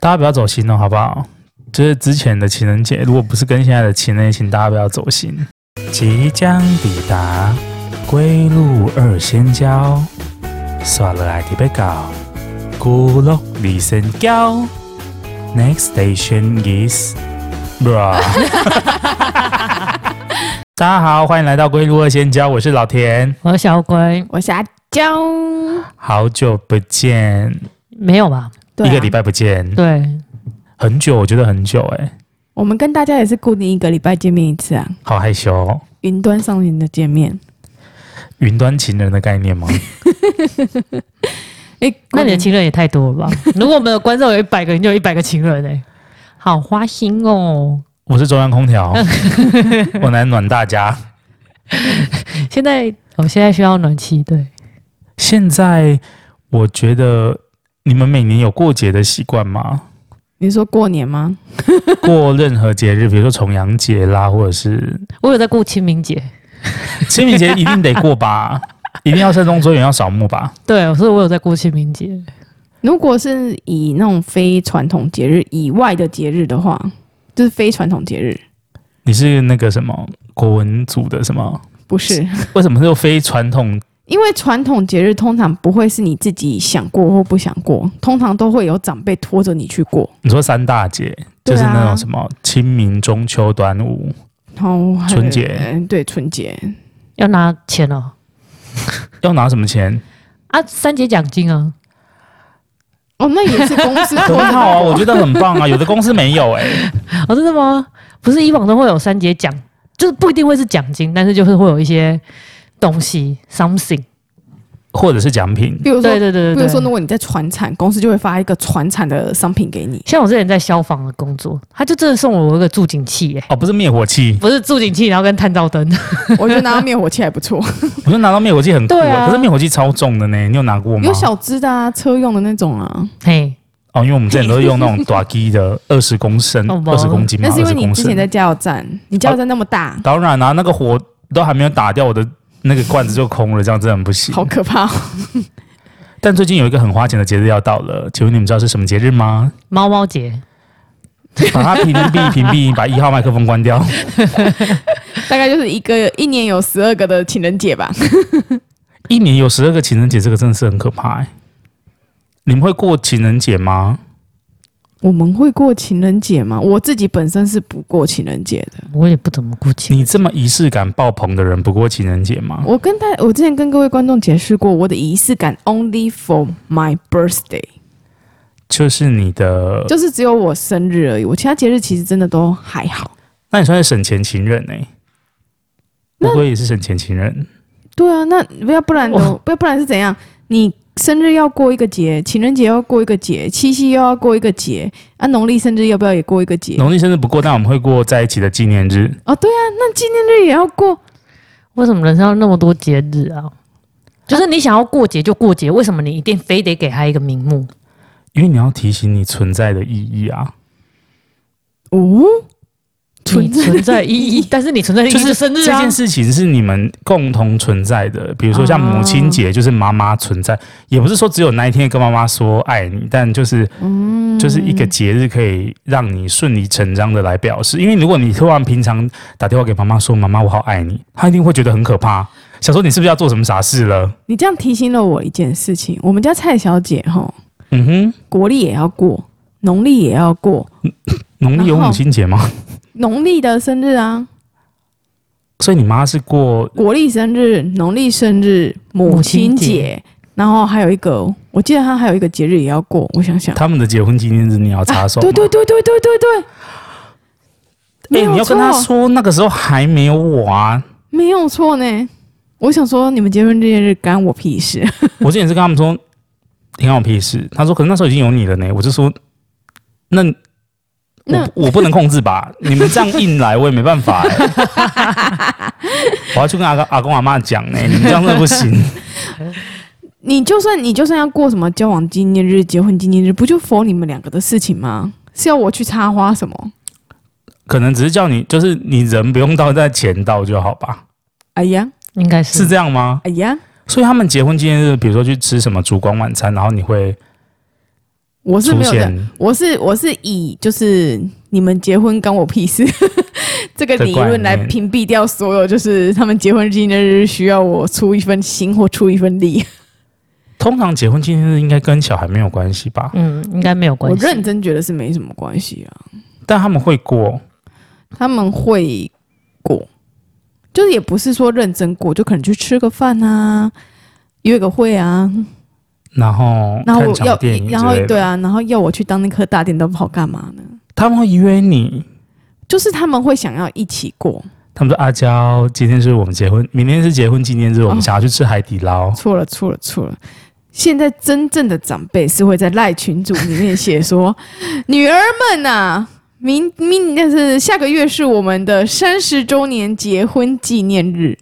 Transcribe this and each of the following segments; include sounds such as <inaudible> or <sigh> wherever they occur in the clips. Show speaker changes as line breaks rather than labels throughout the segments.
大家不要走心了，哦，好不好？就是之前的情人節，如果不是跟現在的情人節，請大家不要走心。 <music> 即將抵達，龜 Look 二仙嬌，Next station is, bro. 大家好，歡迎來到龜 Look 二仙嬌，我是老田，
我是小鬼，我是阿
嬌。
好久不見。
沒有吧？啊、一個禮
拜不見，對，很久，我覺得很久、欸、
我們跟大家也是固定一個禮拜見面一次啊，
好害羞、
哦。雲端上雲的見面，
雲端情人的概念嗎？
哎、 <laughs> 欸，那你的情人也太多了吧？ <laughs> 如果我們的觀眾有一百個人，你就有一百個情人、欸、好花心哦。
我是中央空調，
<laughs> 我
來暖大家。
<laughs> 現在，我現在需要暖氣。對，現在
我覺得。你們每年有過節的習慣嗎？
你說過年嗎？
<laughs> 過任何節日，比如說重陽節啦，或者是……
我有在過清明節。
<laughs> 清明節一定得過吧？ <laughs> 一定要慎終追遠，要掃墓吧？
對，所以我有在過清明節。如果是以那種非傳統節日以外的節日的話，就是非傳統節日。
你是那個什麼國文組的什麼？
不是？
為什麼是非傳統？
因為傳統節日通常不會是你自己想過或不想過，通常都會有長輩拖着你去過。
你說三大節、啊、就是那種什麼清明、中秋、端午
，oh, 春節對，春節要拿錢哦，
<laughs> 要拿什麼錢
啊？三節獎金啊？
<laughs> 哦，那也是公司很好啊，我覺得很棒
啊，有的公司沒有哎。 <laughs> <laughs> <laughs> <laughs>
<laughs> <laughs> <laughs> <laughs> 哦，真的嗎？不是以往都會有三節獎，就是不一定會是獎金，但是就是會有一些。東西，something，
或者是獎品，比
如說，對對對，對，比如說，如果你在傳產公司就會發一個傳產的商品給你。像我之前在消防的工作，
他就真的送我一個住警器耶、欸。
哦，不是滅火器，
不是住
警器，然後跟探照燈。我覺得拿到滅火器還不錯。
<laughs> 我覺得拿到滅火器很酷、欸啊，可是滅火器超重的呢、欸，你有拿過嗎？有小
支的啊，車用的那種啊。
嘿，哦，因為我們之前都是用那種大支的，二十公升，二 <laughs> 十公斤。那是因為你之前在
加油站，你加油站那麼大、
哦。當然啊，那個火都還沒有打掉我的。那個罐子，就空了，這樣真的很不行。好可怕哦！但最近有一個很花錢的節日要到了，請問你們知道是什麼節日嗎？
貓貓節。把
它屏蔽屏蔽，把一號麥克風關掉。
<laughs> 大概就是一個一年有十二個的情人節吧。
<laughs> 一年有十二個情人節，這個真的是很可怕哎。你們會過情人節嗎？
我們會過情人節嗎？我自己本身是不過情人節的，
我也不怎麼過
情人節。你這麼儀式感爆棚的人，不過情人節嗎？
我跟大，我之前跟各位觀眾解釋過，我的儀式感 only for my birthday，
就是你的，就是只
有我生日而已。我其他節日其實真的都還好。那，
那你算是省錢情人呢、欸？不我也是省錢情人。
對啊，那不要不然呢不要不然是怎樣？你。生日要過一個節，情人節要過一個節，七夕又要過一個節，啊，農曆生日要不要也過一個節？農曆
生日不過，但我們會過在一起的紀念日。
啊、哦，對啊，那紀念日也要過，為什麼人生要那麼多節日啊？就是你想
要過節就過節、啊，為什麼你一定非得給他一個名目？
因為你要提醒你存在的意義啊。
哦。存在意義，但是你存在意義、啊、就是生日這件事
情是你們共同存在的。比如說像母親節，就是媽媽存在，也不是說只有那一天跟媽媽說愛你，但就是嗯，就是一個節日可以讓你順理成章的來表示。因為如果你突然平常打電話給媽媽說，媽媽我好愛你，她一定會覺得很可怕，想說你是不是要做什麼傻事了？
你這樣提醒了我一件事情，我們家蔡小姐哈，嗯哼，國曆也要過，農曆也要過。 <coughs>
農曆有母親節嗎？
農曆 <laughs> 的生日啊，
所以你媽是過
國曆生日、農曆生日、母親節，然後還有一個，我記得她還有一個節日也要過，我想想，他們的結婚紀念日你要插手、啊？對對對對對對對，
欸、你要跟她說
那個時候還
沒有我啊？
沒有錯呢，我想說你們結婚這件事干我屁事。
<laughs> 我之前是跟他們說，干我屁事。他說可能那時候已經有你了呢。我就說那。那我我不能控制吧？ <laughs> 你們這樣硬來，我也沒辦法、欸。 <laughs> 我要去跟阿公阿公阿媽講呢，你們這樣真的不行。
<laughs> 你就算你就算要過什麼交往紀念日、結婚紀念日，不就 for 你們兩個的事情嗎？是要我去插花什麼？
可能只是叫你，就是你人不用到，在錢到就好吧。
哎、啊、呀，應該是是這樣嗎？哎、啊、呀，所以他們
結婚紀念日，比如說去吃什麼燭光晚餐，然後你會。
我是沒有的，我是我是以「就是你們結婚關我屁事 <laughs> 這個理論」來屏蔽掉所有，就是他們結婚紀念日需要我出一份心或出一份力 <laughs> 。
通常結婚紀念日應該跟小孩沒有關係吧？嗯，
應該沒有關係。我認真覺得是沒什麼關係啊，
但他們會過，
他們會過，就是也不是說認真過，就可能去吃個飯啊，約個會啊。
然後，然後，然後要，然後對啊，
然後要我去當那顆大電燈泡幹嘛呢？他們會約你，就是他們會想要一起過。
他們說：“阿嬌，今天是我們結婚，明天是結婚紀念日，我們想要去吃海底撈。哦”
錯了，錯了，錯了。現在真正的長輩是會在賴群組裡面寫說：“ <laughs> 女兒們啊，明明，明那是下個月是我們的三十周年結婚紀念日。”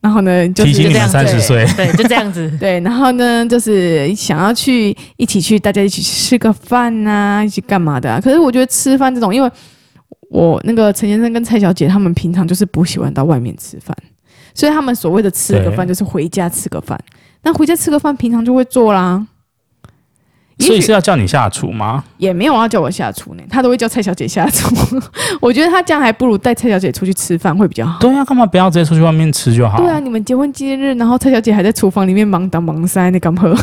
然後呢，就是，就這樣子，對，就這樣子，對。然後呢，就是想要去一起去，大家一起吃個飯啊，一起幹嘛的啊？可是我覺得吃飯這種，因為我那個陳先生跟蔡小姐他們平常就是不喜歡到外面吃飯，所以他們所謂的吃個飯就是回家吃個飯。那回家吃個飯，平常就會做啦。所以是
要叫你下廚嗎？
也沒有啊，叫我下廚呢，他都會叫蔡小姐下廚。 <laughs> 我覺得他這樣還不如帶蔡小姐出去吃飯會比較
好。對啊，幹嘛不要直接出去外面吃就好？對啊，
你們結婚紀念日，然後蔡小姐還在廚房裡面忙打、忙塞，你敢喝？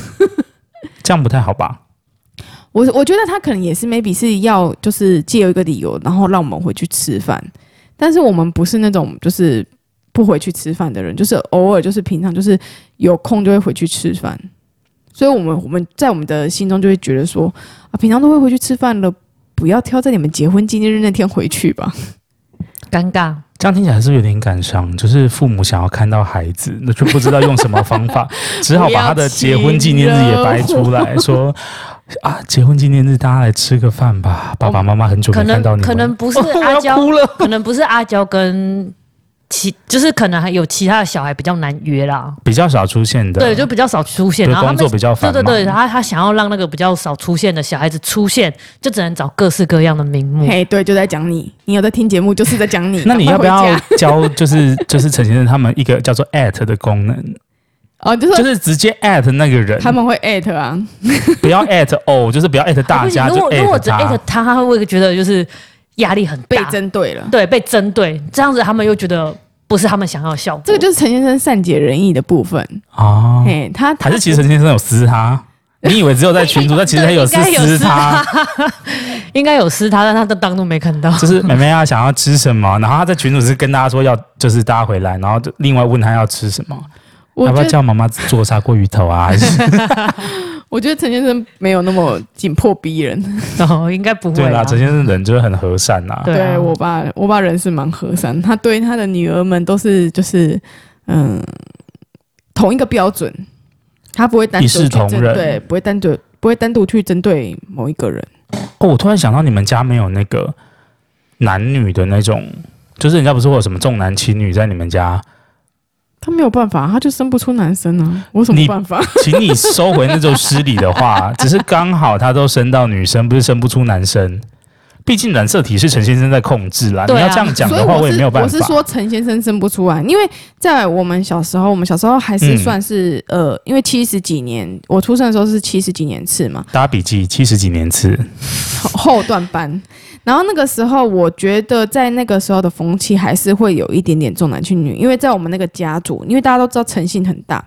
<laughs> 這樣不太好吧？
我我覺得他可能也是，maybe 是要就是借一個理由，然後讓我們回去吃飯。但是我們不是那種就是不回去吃飯的人，就是偶爾就是平常就是有空就會回去吃飯。所以我，我們我們在我們的心中就會覺得說，啊，平常都會回去吃飯了，不要挑在你們結婚紀念日那天回去吧。尷尬，這樣聽起來
還是有點感傷。就是父母想要看到孩子，那就不知道用什麼方法， <laughs> 只好把他的結婚紀念日也擺出來，說啊，結婚紀念日大家來吃個飯吧。爸爸媽媽、哦、很久沒看到你們可，可
能不是阿嬌、哦，可能不是阿嬌跟。其就是可能還有其他的小孩比較難約啦，
比較少出現的，對，
就比較少出現，然後工作比較繁忙，對對對，他他想要讓那個比較少出現的小孩子出現，就只
能找各式各樣的名目，嘿、hey,，對，就在講你，你有在聽節目，就是在講你， <laughs> 要要那你要不要
教就是就是陳先生他們一個叫做 at 的功能？
哦，就是就是直接
at 那個人，他
們會 at 啊，
<laughs> 不要 at 哦，就是不要 at 大家，就、哦、如果就如果只
艾特他，他，他會覺得就是。壓力很大，被針對了，對，被針對這樣子，他們又
覺得不是他們想要，的效，果、嗯、們們想要的效果。這個就是陳先生善解人意的部分哦、啊欸。他，他是
還是其實陳先生有私他， <laughs> 你以為只有在群組，但其實他有私，私他，
<laughs> 應該有私他，但他都當中沒看到。就是妹
妹啊，想要吃什麼？然後他在群組是跟大家說要，就是大家回來，然後就另外問他要吃什麼。要不要叫媽媽做砂鍋魚頭啊？
<laughs> <laughs> 我覺得陳先生沒有那麼緊迫逼人、 <laughs> 哦，然後應該不會、啊。對啦，陳先生
人就很和善吶、啊啊。對、啊、我
爸，我爸人是蠻和善，他對他的女兒們都是就是嗯同一個標準，他不會單一視同仁，對，不會單獨不會單獨去針對某一個人。哦，我
突然想到，你們家沒有那個男女的那種，就是人家不是會有什麼重男輕女，在你們家？
他沒有辦法，他就生不出男生啊！我有什麼辦法？
你請你收回那種失禮的話。 <laughs> 只是剛好他都生到女生，不是生不出男生。畢竟染色體是陳先生在控制啦。啊、你要這樣講的話，我也沒有辦法。我是，我是說
陳先生生不出來，因為在我們小時候，我們小時候還是算是、嗯、呃，因為七十幾年，我出生的時候是七十幾年次嘛。
大家筆記，七十幾年次
後段班。 <laughs> 然後那個時候，我覺得在那個時候的風氣還是會有一點點重男輕女，因為在我們那個家族，因為大家都知道陳姓很大，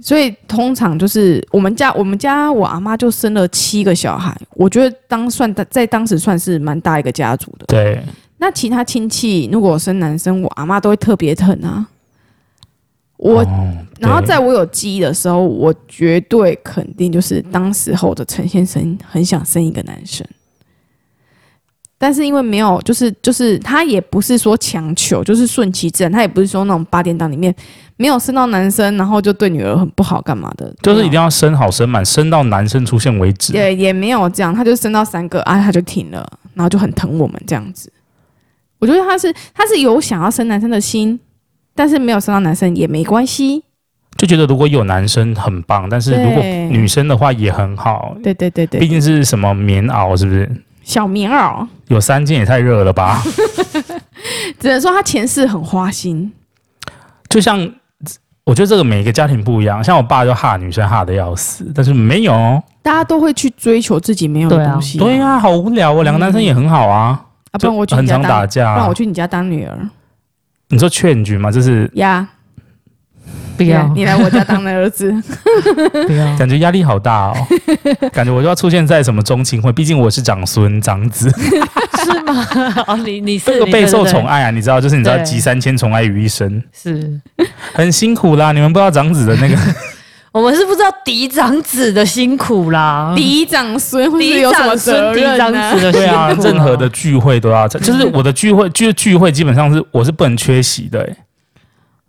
所以通常就是我們家我們家我阿嬤就生了七個小孩，我覺得當算在當時算是蠻大一個家族的。對。那其他親戚如果生男生，我阿嬤都會特別疼啊。我、oh，然後在我有記憶的時候，我絕對肯定就是當時候的陳先生很想生一個男生。但是因為沒有，就是就是他也不是說強求，就是順其自然。他也不是說那種八點檔裡面沒有生到男生，然後就對女兒很不好幹嘛的，就是
一定要生好生滿，生到男生出現為止。對，
也沒有這樣，他就生到三個，啊，他就停了，然後就很疼我們這樣子。我覺得他是他是有想要生男生的心，但是沒有生到男生也沒關係。
就覺得如果有男生很棒，但是如果女生的話也很好。
對對，對對對，畢竟
是什麼棉襖是不是？
小棉襖。
有三件也太熱了吧 <laughs> ！
只能說他前世很花心。就像，
我覺得這個每個家庭不一樣。像我爸就哈女生哈的要死，但是沒有、哦，
大家都會去追求自己沒有的東西、啊對啊。對啊，
好無聊哦！兩、嗯、個男生也很好啊。啊不然我去你家，就很常打架、啊，讓我
去你家當女兒。
你說勸舉嗎？就是呀。
Yeah. 不要、yeah,，你來我家當兒子， <laughs> 不要笑
感覺壓力好大哦，感覺我就要出現在什麼宗親會，畢竟我是長孫長子， <laughs> 是
嗎？哦，你你是這個備受寵愛
啊，你,對對對你知道，就是你知道對對對集三千寵愛於一身，
是
很辛苦啦。你們不知道長子的那個，
<laughs> 我們是不知道嫡長子的辛苦啦，嫡長孫、什麼孫、嫡長
子的辛苦,任、啊的辛苦對啊，任何
的聚會都要 <laughs> 就是我的聚會，就是聚會基本上是我是不能缺席的、欸。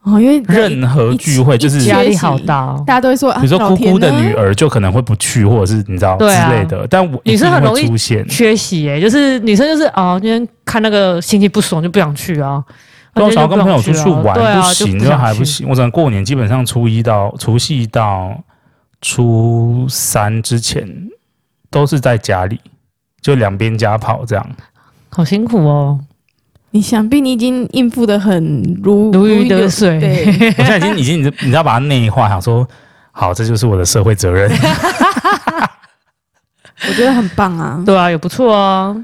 哦，因為任何聚會就是壓力好
大，大家都會說，比如說姑姑的女
兒就可能會不去，或者是你知道之類的。啊、但我會女生很容易出現
缺席、欸，哎，就是女生就是哦，今天看那個心情不爽就不想去啊。多少、啊啊、跟朋友出去玩、啊、不行，就還不
行。我整個過年基本上初一到除夕到初三之前都是在家裡，就兩邊家跑這樣，
好辛苦哦。你想必你已經應付得很如，如魚得水。對，我現在已經已經
你知道把它內化，想說好，這就是我的社會責任 <laughs> 。
<laughs> 我覺得很棒啊，對啊，也不
錯哦。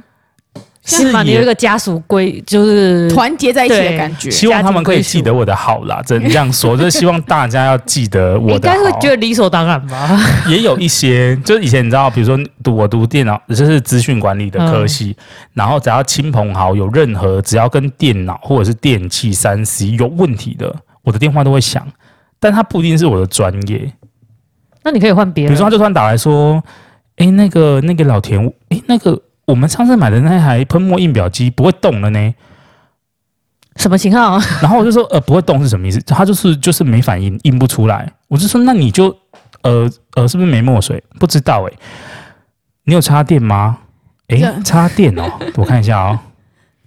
是嗎？你有一個家屬歸，就是團結在一起的感覺屬屬。希望他
們可以記得我的好啦，真的這樣說，就是希望大家要記得我的好。 <laughs> 你應該會覺
得理所當然吧？
<laughs> 也有一些，就是以前你知道，比如說讀，我讀電腦，就是資訊管理的科系。嗯、然後只要親朋好友，有任何只要跟電腦或者是電器三 C 有問題的，我的電話都會響。但他不一定是我的專業。
那你可以換別人，比如說，他就
算打來說，哎，那個那個老田，哎，那個。那個我們上次買的那台噴墨印表機不會動了呢？什麼情況？然後我就說，呃，不會動是什麼意思？它就是就是沒反應，印不出來。我就說，那你就，呃呃，是不是沒墨水？不知道哎、欸，你有插電嗎？哎、欸，插電哦、喔，我看一下啊、喔，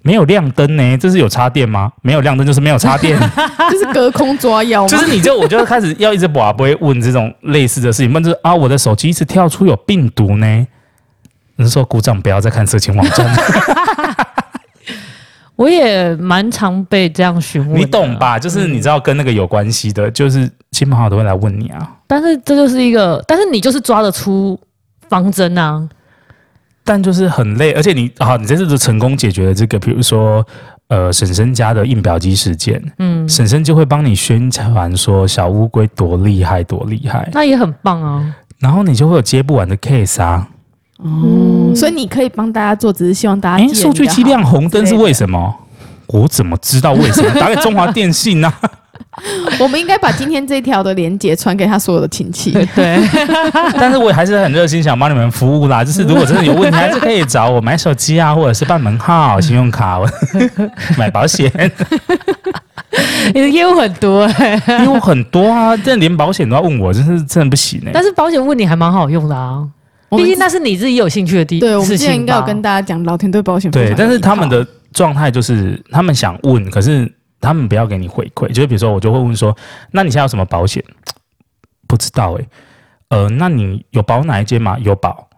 沒有亮燈呢，這是有插電嗎？沒有亮燈就是沒有插電， <laughs>
就是隔空抓妖。就是你就
我就開始要一直不不會問這種類似的事情，問這、就是、啊我的手機一直跳出有病毒呢。你說鼓掌，不要再看色情網站 <laughs> 。
<laughs> 我也蠻常被這樣詢問，你懂
吧？就是你知道跟那個有關係的，嗯、就是親朋好友都會來問你啊。
但是這就是一個，但是你就是抓得出方針啊。但就是很
累，而且你好、啊，你這次就成功解決了這個，比如說呃，嬸嬸家的印表機事件，嗯，嬸嬸就會幫你宣傳說小烏龜多厲害，多厲害，那
也很棒啊。
然後你就會有接不完的 case 啊。
哦、嗯，所以你可以幫大家做，只是希望大家、欸。哎，數據機亮紅燈是為
什麼？我怎麼知道為什麼？打給中華電信呢、啊？
<laughs> <laughs> 我們應該把今天這條的連接傳給他所有的親戚。對，對
<laughs> 但是我還是很熱心，想幫你們服務啦。就是如果真的有問題，還是可以找我買手機啊，或者是辦門號、信用卡、買保險。
<laughs> 你的業務很多、欸，業務
很多啊！這連保險都要問我，真、就是真的不行呢、欸。但是
保險問你還蠻好用的啊。畢竟那是你自己有興趣的地方。對，我之前應該有跟
大家講，老天對保險不好。對，但是他們的
狀態就是，他們想問，可是他們不要給你回饋。就是、比如說，我就會問說，那你現在有什麼保險？不知道誒、欸，呃，那你有保哪一間嗎？有保，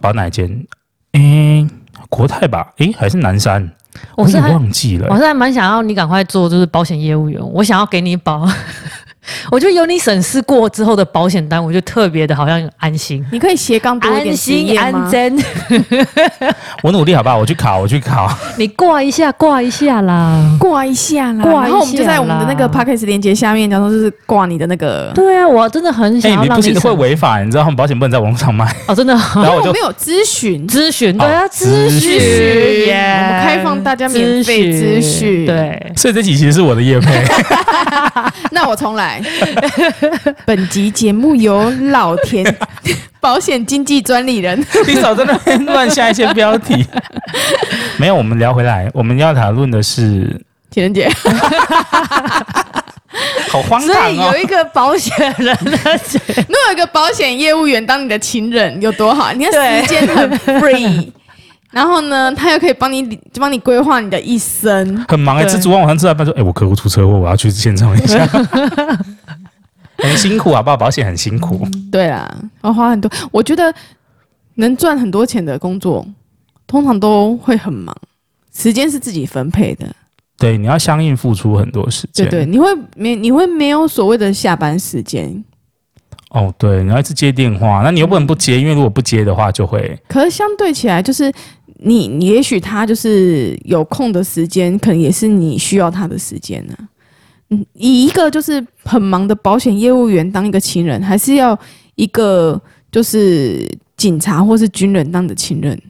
保哪一間？誒，國泰吧？誒，還是南山？
我是我忘記了、欸。我現在蠻想要你趕快做，就是保險業務員。我想要給你保。 <laughs> 我覺得有你審視過之後的保險單，我就特別的好像安心。
你可以斜槓，安心安真。
<laughs> 我努力好不好？我去考，我去考。
你掛一下，掛一下啦，掛一下啦。然後我們就在我們的那個 podcast 連接下面，然後就是掛你的那個。對啊，我真的很想你、欸。你不是會
違法？你知道他們保險不能在網絡上賣
哦，真的。然後我就我沒有諮詢，諮詢對啊，諮、
oh, 詢。Yeah. 開放大家免費諮詢，對。
所以這期其實是
我的業配。 <laughs> <laughs> 那我重來。 <laughs> 本集節目由老田保險經紀專利人，你少在那亂下一些標題。
沒有，我們聊回來，我們要討論的是
情人節 <laughs> ，
好
荒唐哦！所以有一個保險人，你弄一個保險業務員當你的情人有多好？你看時間很 free。 <laughs> 然後呢，他又可以幫你幫你規劃你的一生，很忙哎，、欸，吃燭
光晚餐吃完飯說：“哎、欸，我客戶出車禍，我要去現場一下。 <laughs>
欸”
很辛苦啊，報保險很辛苦。嗯、
對啊，要花很多。我覺得能賺很多錢的工作，通常都會很忙，時間是自己分配的。
對，你要相應付出很多時間。對對，
你會沒你會沒有所謂的下班時間。
哦，對，你要一直接電話，那你又不能不接，因為如果不接的話，就會。
可是相對起來，就是。你你也許他就是有空的時間，可能也是你需要他的時間呢？嗯，以一個就是很忙的保險業務員當一個情人，還是要一個就是警察或是軍人當的情人？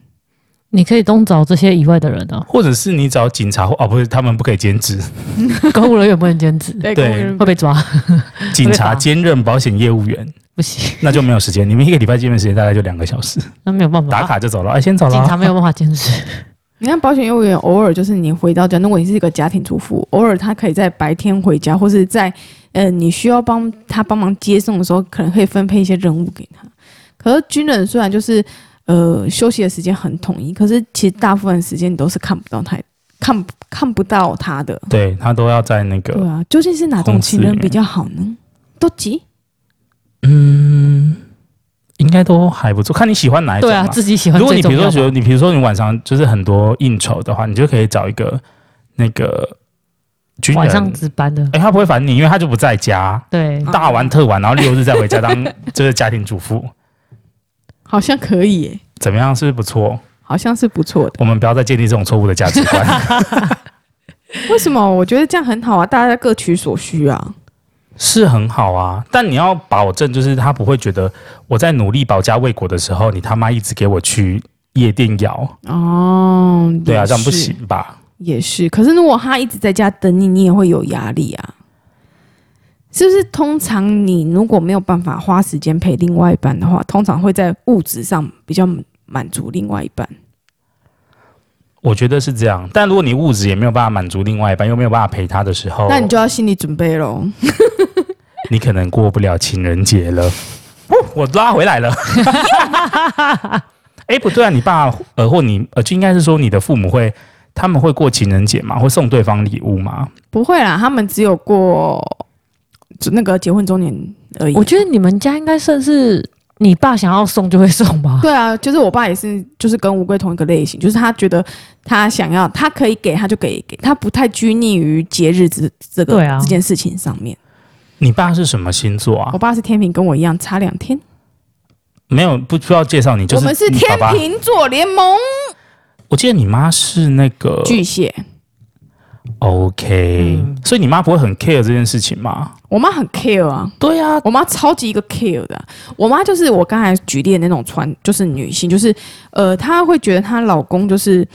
你可以都找這些以外的人啊。哦，
或者是你找警察哦，不是他們不可以兼職，
<laughs> 公務人員不能兼職，對，會被抓。警察
兼任保險業務員。 <laughs> 不行，那就沒有時間。你們一個禮拜見面時間大概就兩個小時， <laughs> 那沒有辦法、啊、打卡就走了。哎，先走了、啊。警察沒有辦
法監視。
<laughs> 你看保險業務員偶爾就是你回到家，如果你是一個家庭主婦，偶爾他可以在白天回家，或者在嗯、呃、你需要幫他幫忙接送的時候，可能可以分配一些任務給他。可是軍人雖然就是呃休息的時間很統一，可是其實大部分時間你都是看不到他，看看不到他的。
對他都要在那個。對啊，
究竟是哪種情人比較好呢？都擠。多
嗯，應該都還不錯。看你喜歡哪一種嘛。對啊，自己喜歡。如果你比如說覺得你比如說你晚上就是很多應酬的話，你就可以找一個那個晚上值班的。哎、欸，他不會煩你，因為他就不在家。對，大玩特玩，然後六日再回家當就是家庭主婦。
<laughs> 好像可以、欸、
怎麼樣？是不錯。好像是不錯的。我們不要再建立這種錯誤的價值觀。
<laughs> <laughs> 為什麼？我覺得這樣很好啊，大家各取所需啊。
是很好啊，但你要保證，就是他不會覺得我在努力保家衛國的時候，你他媽一直給我去夜店搖
哦。對啊，這樣不行吧？也是，可是如果他一直在家等你，你也會有壓力啊。是不是？通常你如果沒有辦法花時間陪另外一半的話，通常會在物質上比較滿足另外一半。
我覺得是這樣，但如果你物質也沒有辦法滿足另外一半，又沒有辦法陪他的時候，那你
就要心理準備嘍。
<laughs> 你可能過不了情人節了。 <laughs> 我抓回來了。哎、 <laughs> <laughs> <laughs> 欸，不對啊，你爸呃，或你呃，就應該是說你的父母會，他們會過情人節嗎？會送對方禮物嗎？
不會啦，他們只有過那個結婚週年而已。我覺得你們家應該算是。你爸想要送就會送吧？對啊，就是我爸也是，就是跟烏龜同一個類型，就是他覺得他想要，他可以給，他就給給，他不太拘泥於節日這這個、對啊、這件事情上面。
你爸是什麼星座
啊？我爸是天秤，跟我一樣差兩天。
沒有不需要介紹你，就是你爸爸，我們是天秤
座聯盟。
我記得你媽是那個巨蟹。OK，嗯，所以你媽不會很 care 這件事情嗎？
我媽很 care 啊，對啊，我媽超級一個 care 的啊。我媽就是我剛才舉例的那種穿，就是女性，就是呃，她會覺得她老公就是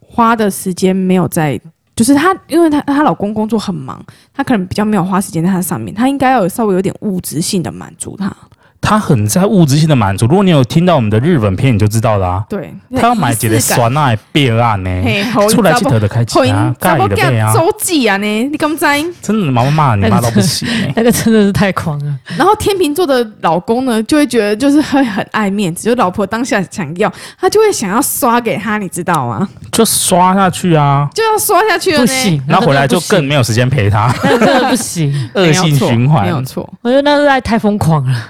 花的時間沒有在，就是她，因為她她老公工作很忙，她可能比較沒有花時間在她上面，她應該要稍微有點物質性的滿足她。
他很在物質性的滿足，如果你有聽到我們的日本片，你就知道了
啊。對，他要買幾袋酸
奶、餅乾呢？出來記得開啟啊，幹嘛呀？周
記啊呢、啊？你敢不敢？
真的媽媽罵你媽都不行、欸， <laughs> 那
個真的是太狂了。然後天秤座的老公呢，就會覺得就是會很愛面子，就老婆當下想要，他就會想要刷給他，你知道嗎？
就刷下去啊，
就要刷下去了、欸，不行，那個、不行，然後回來就更沒
有時間陪他，那
個、真的不
行，
惡 <laughs> 性循環，沒有
錯。我覺得那實在太瘋狂了。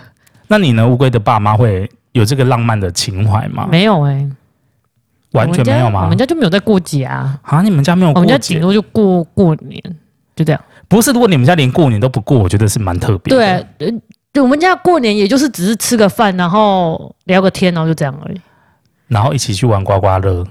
那你呢？烏龜的爸媽會有這個浪漫的情懷嗎？沒有誒、欸。完全沒有嗎我？我們家
就沒有在過節啊！
啊，你們家沒有過節？我們家頂多
就過過年，
就這樣。不是，如果你們家連過年都不過，我覺得是蠻特別。
對、啊，呃、就我們家過年也就是只是吃個飯，然後聊個天，然後就這樣而已。
然後一起去玩刮刮樂？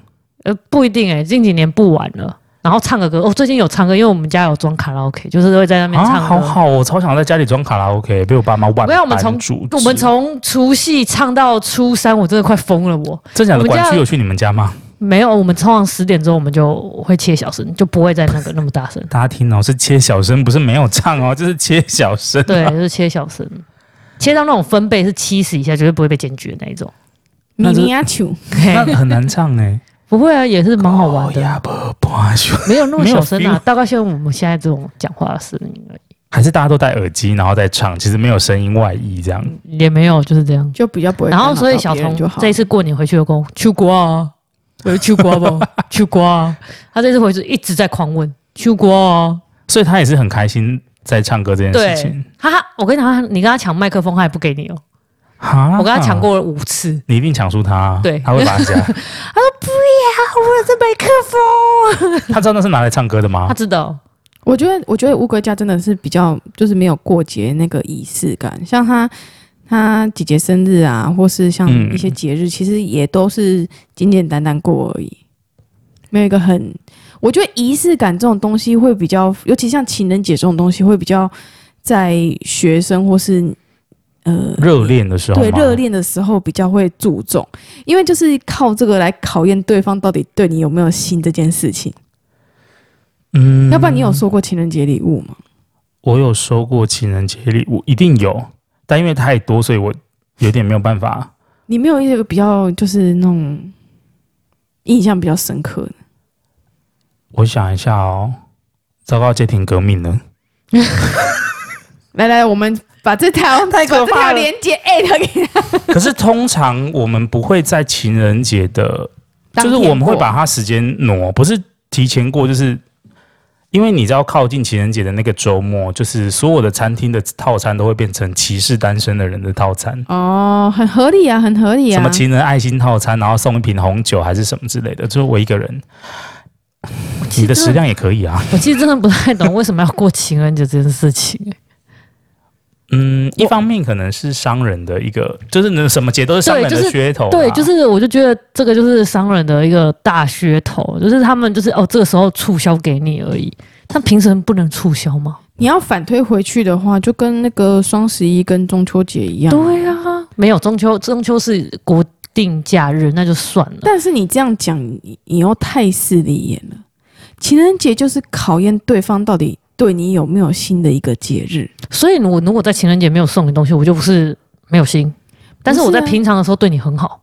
呃，不一定誒、欸，近幾年不玩了。然後唱個歌哦，最近有唱歌，因為我們家有裝卡拉 ok 就是會在那邊唱、啊、好好
我超想在家裡裝卡拉 ok 被我爸媽玩不要我們從我們
從除夕唱到初三我真的快瘋了我真的管區有
去你們家嗎我
們家沒有我們通常十點鐘我們就會切小聲就不會再那個那麼大聲
大家聽到、哦、是切小聲不是沒有唱哦就是切小聲對就
是切小聲 <laughs> 切到那種分貝是七十以下絕對不會被檢舉的那一種米尼亞丘那很難唱誒、欸 <laughs> 不會啊，也是蠻好玩的。Oh, yeah, 沒有那麼小聲啊， <laughs> 大概像我們現在這種講話的聲音
而已。還是大家都戴耳機，然後再唱，其實沒有聲音外溢這樣。
也沒有，就是這樣，就比較不會。然後所以小童這一次過年回去就說去過啊，有去過不？去過哦，他這次回去一直在狂問去過哦，所以
他也是很開心在唱歌這件事情。
哈哈，我跟他講，你跟他搶麥克風，他也不給你哦。
我跟他搶
過了五次，
你一定搶輸他。對，他會反擊。 <laughs> 他說
不。Yeah, 我是麥克風，
他 <laughs> 知道那是拿來唱歌的嗎？他知
道。我覺得，我覺得烏龜家真的是比較，就是沒有過節那個儀式感。像他，他姐姐生日啊，或是像一些節日、嗯，其實也都是簡簡單單過而已。沒有一個很，我覺得儀式感這種東西會比較，尤其像情人節這種東西會比較，在學生或是。呃，熱
戀的時候，對，熱
戀的時候比較會注重，因為就是靠這個來考驗對方到底對你有沒有心這件事情。嗯，
要不然你
有收過情人節禮物嗎？
我有收過情人節禮物，一定有，但因為太多，所以我有點沒有辦法。
你沒有一些比較就是那種印象比較深刻的？
我想一下哦，糟糕，街亭革命呢？
<laughs> <laughs> 來來，我們。把這條、泰國這條連接艾他
給他。可是通常我們不會在情人節的，
就是我們會把
它時間挪，不是提前過，就是因為你知道，靠近情人節的那個周末，就是所有的餐廳的套餐都會變成歧視單身的人的套餐。
哦，很合理啊，很合理啊！什麼情
人愛心套餐，然後送一瓶紅酒還是什麼之類的，就是我一個人，你的食量也可以啊。我
其實真的不太懂為什麼要過情人節這件事情。
嗯，一方面可能是商人的一個，就是那什麼節都是商人的噱頭。啊對就是，
對，就是我就覺得這個就是商人的一個大噱頭，就是他們就是哦這個時候促銷給你而已，
他憑什麼不能促銷嗎？你要反推回去的話，就跟那個雙十一跟中秋節一樣。對啊，沒有中秋，中秋是國定假日，那就算了。但是你這樣講，你你又太勢利眼了。情人節就是考驗對方到底。對你有沒有新的一個節日？所以我如果在情人節
沒有送你東西，我就不是沒有心。
但是我在平常
的時候對你很好。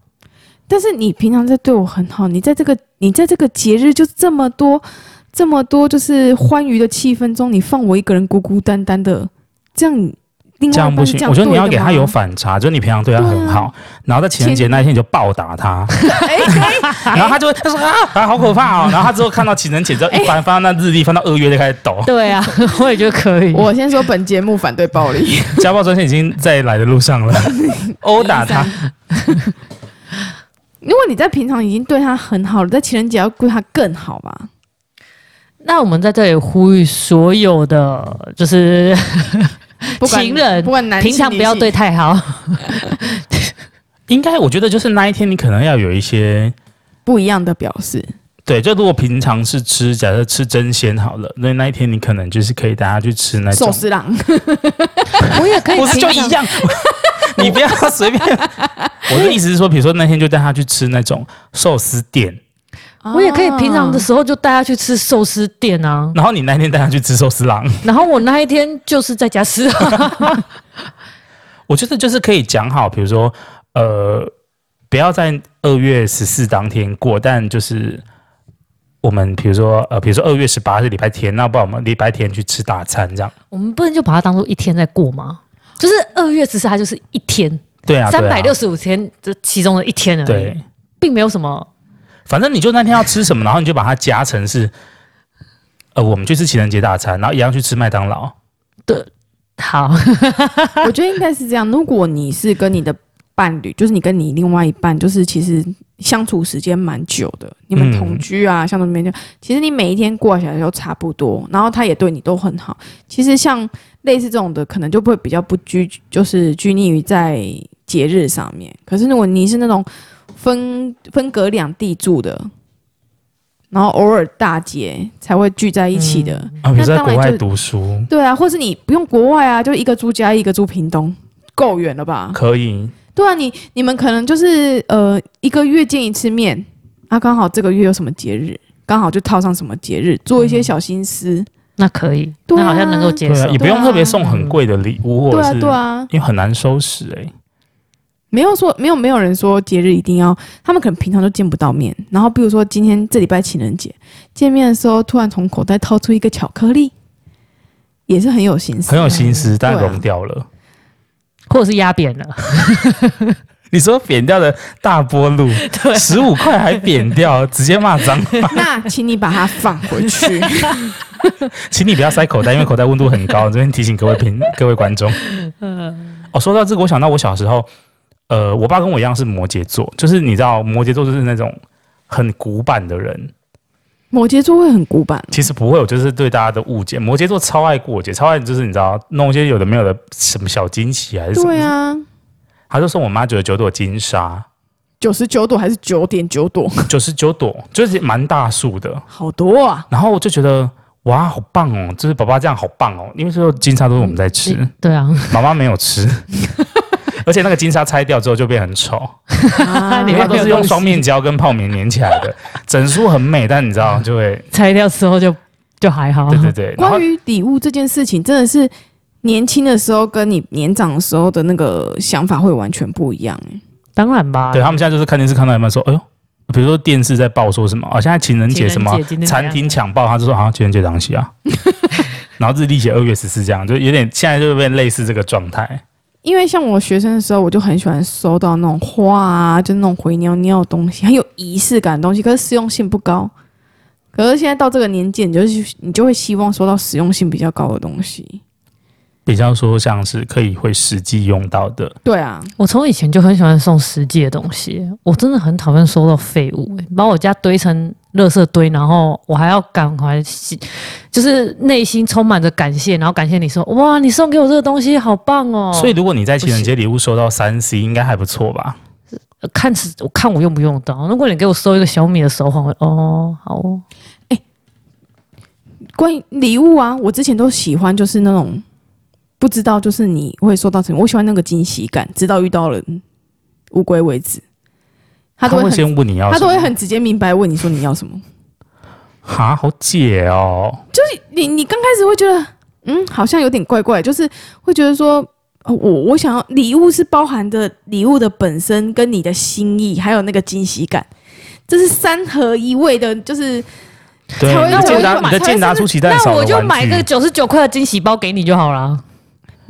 但是你平常在對我很好，你在這個你在這個節日就這麼多這麼多就是歡愉的氣氛中，你放我一個人孤孤單單的這樣。這樣不行，我覺得你要給他有
反差，就是你平常對他很好，啊、然後在情人節那一天你就暴打他，
<laughs> 欸欸、
<laughs> 然後他就會他
說啊好可怕哦，然後他之後看到情人節之後一翻翻到那日曆，欸，翻到二月就開始抖。對
啊，我也覺得可以。我先說本節目反對暴力，
暴家暴專線已經在來的路上
了，
毆 <laughs> 打
他，
因 <laughs> 為你在平常已經對他很好了，在情人節要對他更好嗎？
那我們在這裡呼籲所有的，就是。 <laughs> 不管，情人不管，平常不要對
太好，嗯。
<laughs> 應該我覺得就是那一天，你可能要有一些
不一樣的表示。
對，就如果平常是吃，假設吃爭鮮好了，那那一天你可能就是可以帶他去吃那壽司
郎。 <laughs> 我也可以，我是就一樣？ <laughs>
<laughs> 你不要隨便。我的意思是說，比如說那天就帶他去吃那種壽司店。
我也可以平常的時候就帶他去吃壽司店啊、啊。
然後你那一天帶他去吃壽司郎
<laughs> 然後我那一天就是在家吃、
啊。 <laughs> 我覺得就是可以講好，比如說呃，不要在二月十四當天過，但就是我們比如說呃，比如說二月十八是禮拜天，那不然我們禮拜天去吃大餐這樣。
我們不能就把它當做一天在過嗎？就是二月十四它就是一天，對啊，三百六十五天這其中的一天而已，對啊對啊並沒有什麼。
反正你就那天要吃什麼，然後你就把它夾成是，呃，我們去吃情人節大餐，然後一樣去吃麥當勞。
對，好， <laughs> 我覺得應該是這樣。如果你是跟你的伴侶，就是你跟你另外一半，就是其實相處時間蠻久的，你們同居啊，像、嗯、那邊就其實你每一天過起來都差不多，然後他也對你都很好。其實像類似這種的，可能就會比較不拘，就是拘泥於在節日上面。可是如果你是那種。分分隔兩地住的，然後偶爾大節才會聚在一起的、嗯、啊。比如在國外，國外讀書，對啊，或是你不用國外啊，就一個住嘉義，一個住屏東，夠遠了吧？
可以。
對啊，你你們可能就是呃一個月見一次面啊，剛好這個月有什麼節日，剛好就套上什麼節日做一些小心思，嗯、那可以對、啊。那好像能夠接受，啊啊、也不用特
別送很貴的禮物，嗯、或者是對啊對啊，因為很難收拾哎、欸。
沒有說，沒有沒有人說節日一定要，他們可能平常都見不到面。然後，比如說今天這禮拜情人節見面的時候，突然從口袋掏出一個巧克力，也是很有心思，很有心思，但融
掉了，啊，
或者是壓扁了。
<laughs> 你說扁掉的大波露，十五塊還扁掉，直接罵髒話。 <laughs>
那請你把它放回去， <laughs>
<laughs> 請你不要塞口袋，因為口袋溫度很高。這邊提醒各位平各位觀眾，嗯。哦，說到這個，我想到我小時候。呃，我爸跟我一樣是摩羯座，就是你知道，摩羯座就是那種很古板的人。
摩羯座會很古板、
欸？其實不會，我就是對大家的誤解。摩羯座超愛過節，超愛就是你知道，弄一些有的沒有的什麼小驚喜還是什麼？對啊，他就送我媽九十九朵金沙，
九十九朵還是九點九朵？
九十九朵，就是蠻大束的，
好多啊。
然後我就覺得哇，好棒哦，就是爸爸這樣好棒哦，因為所有金沙都是我們在吃，嗯欸、對啊，媽媽沒有吃。 <laughs> 而且那個金沙拆掉之後就變很醜、啊，
<laughs> 裡面都是用雙面
膠跟泡棉粘起來的，整書很美，但你知道就會拆掉之後就就還好。對對對，
關於禮物這件事情，真的是年輕的時候跟你年長的時候的那個想法會完全不一樣、欸。當然吧、欸。對，他們
現在就是看電視看到有沒有說，哎呦，比如說電視在報說什麼哦、啊，現在情人節什麼餐廳搶爆，他就說像、啊、情人節東西啊，然後日曆寫二月十四這樣，就有點現在就有點類似這個狀態。
因為像我學生的時候，我就很喜歡收到那種花啊，就那種回鳥鳥的東西，很有儀式感的東西。可是實用性不高。可是現在到這個年紀你就，就是你就會希望收到實用性比較高的東西，
比較說像是可以會實際用到的。
對啊，我
從以前就很喜歡送實際的東西，我真的很討厭收到廢物、欸，把我家堆成。垃圾堆，然後我還要趕快洗，就是內心充滿着感謝，然後感謝你說，哇，你送給我這個東西好棒哦。所以如
果你在情人節禮物收到三 C，應該還不錯吧？
看是我，看我用不用到。如果你給我收一個小米的手環，
哦，好哦。哎、欸，關於禮物啊，我之前都喜歡就是那種不知道就是你會收到什麼，我喜歡那個驚喜感，直到遇到了烏龜為止。他都，他都會先
問你要什麼，他都會
很直接明白問你說，你要什麼？
哈，好解哦。
就是你，你剛開始會覺得，嗯，好像有點怪怪，就是會覺得說，哦、我我想要禮物是包含着禮物的本身，跟你的心意，還有那個驚喜感，這是三合一位的，就是。對，那我我就買個九十九塊的
驚喜包給你就好了。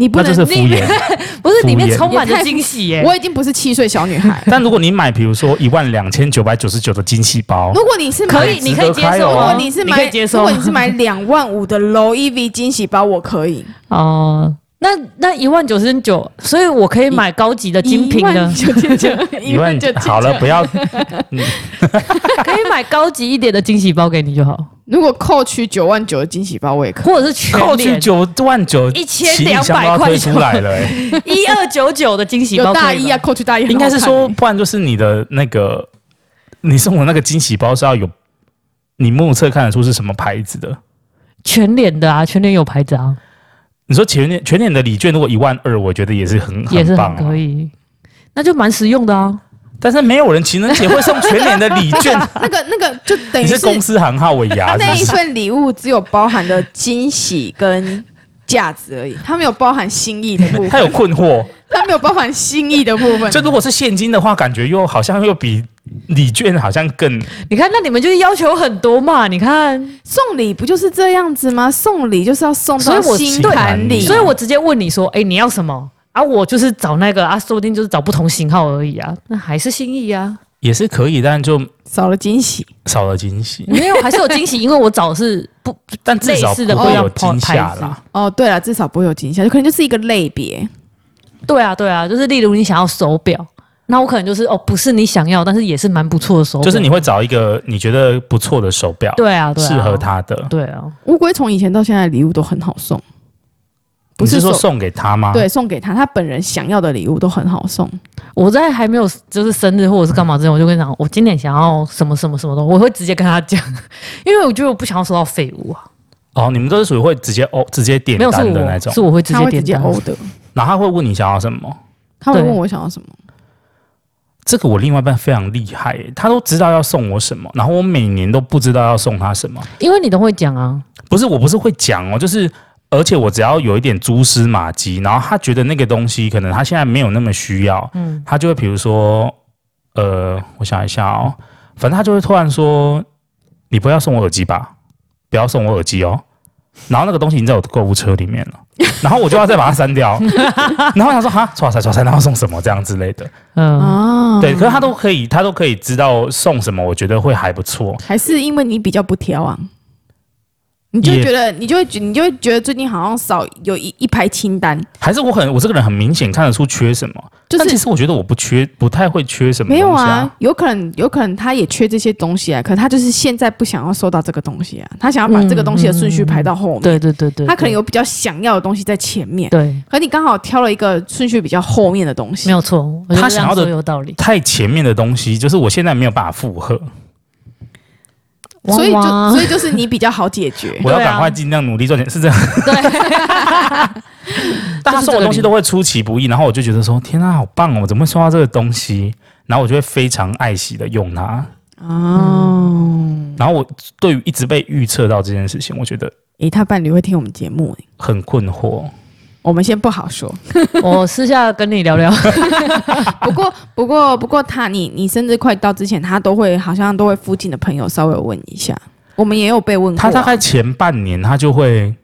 你不，能那是那 <laughs> 不是，不是裡面充滿着驚喜耶！我已
經不是七歲小女孩。
<laughs> 但如果你買，比如說一萬兩千九百九十九的驚喜包， <laughs> 如
果你是買可以，你可以接受哦。你是買，如果你是買兩萬五的 Low EV 驚喜包，我可以哦。Uh... 那那一萬九千九，所以我可以買高級的精品呢一,一萬九千九，一萬九好了，不要。 <laughs>
你 <laughs> 可以買高級一點的驚喜包給你就好。
如果扣去九萬九的驚喜包，我也可以。或者是扣去
九
萬九一千兩百塊出來了、欸。
一二九九的驚喜包，大衣啊扣去大衣、欸。應該是說，
不然就是你的那個，你送我那個驚喜包是要有你目測看得出是什麼牌子的？
全臉的啊，全臉有牌子啊。
你說全年全年的禮券，如果一萬二，我覺得也是很，很棒，啊、也是很可
以，
那就蠻實用的啊。
但是沒有人情人節會送全年的禮券，
<laughs> 那個、那個、那個就等於是，是公司
行號尾牙是是那一份
禮物只有包含的驚喜跟價值而已，它沒有包含心意的部分。他有困惑，他沒有包含心意的部分。 <laughs> 這有困 <laughs> <laughs> 如果是
現金的話，感覺又好像又比禮券好像更……
你看，那你們就是要求很多嘛？你看送禮不就是這樣子嗎？送禮就是要送到心坎裡，所以我
直接問你說：“誒，你要什麼？”啊，我就是找那個啊，說不定就是找不同型號而已啊，那還是心意啊。
也是可以，但就少了驚喜，少了驚喜。沒有，
還是有驚喜，因為我，是 <laughs> 因為我找的是不但類似的，但至少不會有驚嚇啦。哦，哦對啊，至少不會有驚嚇，就可能就是一個類別。對啊，對啊，就是例如你想要
手錶，那我可能就是哦，不是你想要，但是也是蠻不錯的手錶。就是你
會找一個你覺得不錯的手錶，對啊，對，適合他的。對啊，
烏龜從以前到現在禮物都很好送。不是，你是說
送給他嗎？對，
送給他，他本人想要的禮物都很好送。
我在還沒有就是生日或者是幹嘛之前，我就跟你講，我今年想要什麼什麼什麼東西，我會直接跟他講，因為我覺得我不想要收到廢物啊。
哦，你們都是屬於會直接哦直接點單的那種是，是我會直接點單的。然後他會問你想要什麼，他會
問我想要什麼。
這個我另外一半非常厲害，他都知道要送我什麼，然後我每年都不知道要送他什麼，
因為你都會講啊。
不是，我不是會講哦、喔，就是。而且我只要有一點蛛絲馬跡，然後他覺得那個東西可能他現在沒有那麼需要，嗯，他就會比如說，呃，我想一下哦，反正他就會突然說，你不要送我耳機吧，不要送我耳機哦，然後那個東西已經在我的購物車裡面了， <laughs> 然後我就要再把它刪掉， <laughs> 然後我想說啊，抓才抓才，然後送什麼這樣之類的，
嗯，對，可是他都
可以，他都可以知道送什麼，我覺得會還不錯，
還是因為你比較不挑啊。你就覺得你就會覺、yeah. 你，就會你就會覺得最近好像少有一一排清單，
還是我很我這個人很明顯看得出缺什麼、就是。但其實我覺得我不缺，不太會缺什麼東西，啊。沒有
啊，有可能有可能他也缺這些東西啊，可他就是現在不想要收到這個東西啊，他想要把這個東西的順序排到後面。嗯嗯、對對對對，他可能有比較想要的東西在前面。對，對，可你剛好挑了一個順序比較後面的東西，沒有錯。
他想要的太前面的東西，就是我現在沒有辦法負荷
所以就所以就是你比較好解決，我要趕快
盡量努力賺錢、啊，是這樣。
對，他 <laughs> 送我東西都
會出其不意，然後我就覺得說：天啊，好棒哦！我怎麼會收到這個東西？然後我就會非常愛惜的用它。哦，
嗯、
然後我對於一直被預測到這件事情，我覺得，
誒，他伴侶會聽我們節目，
很困惑。我
們先不好說，我私下跟你聊
聊。 <laughs> <laughs>
<laughs> 不過，不過，不過他，你，你生日快到之前，他都會好像都會附近的朋友稍微問一下。我們也有被問過、啊。他大概
前半年，他就會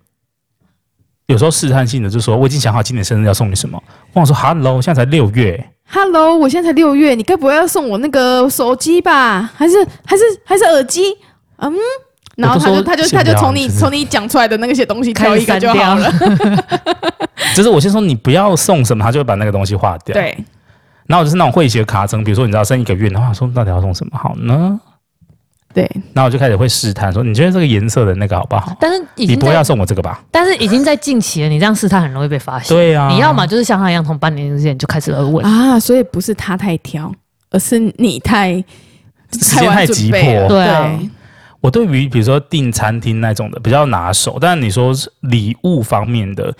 有時候試探性的就說：“我已經想好今年生日要送你什麼。”我說：“Hello，現在才六月。
”“Hello，我現在才六月，你該不會要送我那個手機吧？還是還是還是耳機？”嗯。然後他就，他就他就從你從你講出來的那些東西挑一個就好
了。 <laughs> 就是我先說你不要送什麼，他就會把那個東西劃掉。對。
然
後就是那種會寫卡層，比如說你知道剩一個月的話，說到底要送什麼好呢？
對。
然
後我就開始會試探說，你覺得這個顏色的那個好不好？
但是你不會要送我這個吧。但是已經在近期了，你這樣試探很容易被發現。對啊，你要麼就是像他一樣從半年之前就開始問啊，
所以不是他太挑，而是你太太太急迫。對、啊。
我對於比如說訂餐廳那種的比較拿手，但你說禮物方面的，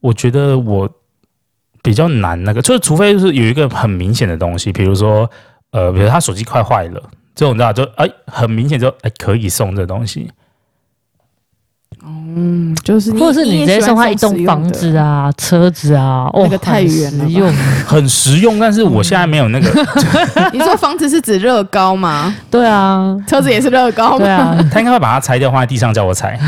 我覺得我比較難那個，就是除非是有一個很明顯的東西，比如說，呃，比如他手機快壞了這種，就，你知道，就哎很明顯就哎可以送這東西。
嗯，就是，或者是你直接送他一棟房
子啊，車子啊，
那個太遠了、哦、實用， <laughs> 很實用。但是我現在沒有那個。嗯、
你說房子是指樂高嗎？對啊，車子也是樂高、啊。對啊，
他應該會把它拆掉，放在地上叫我踩，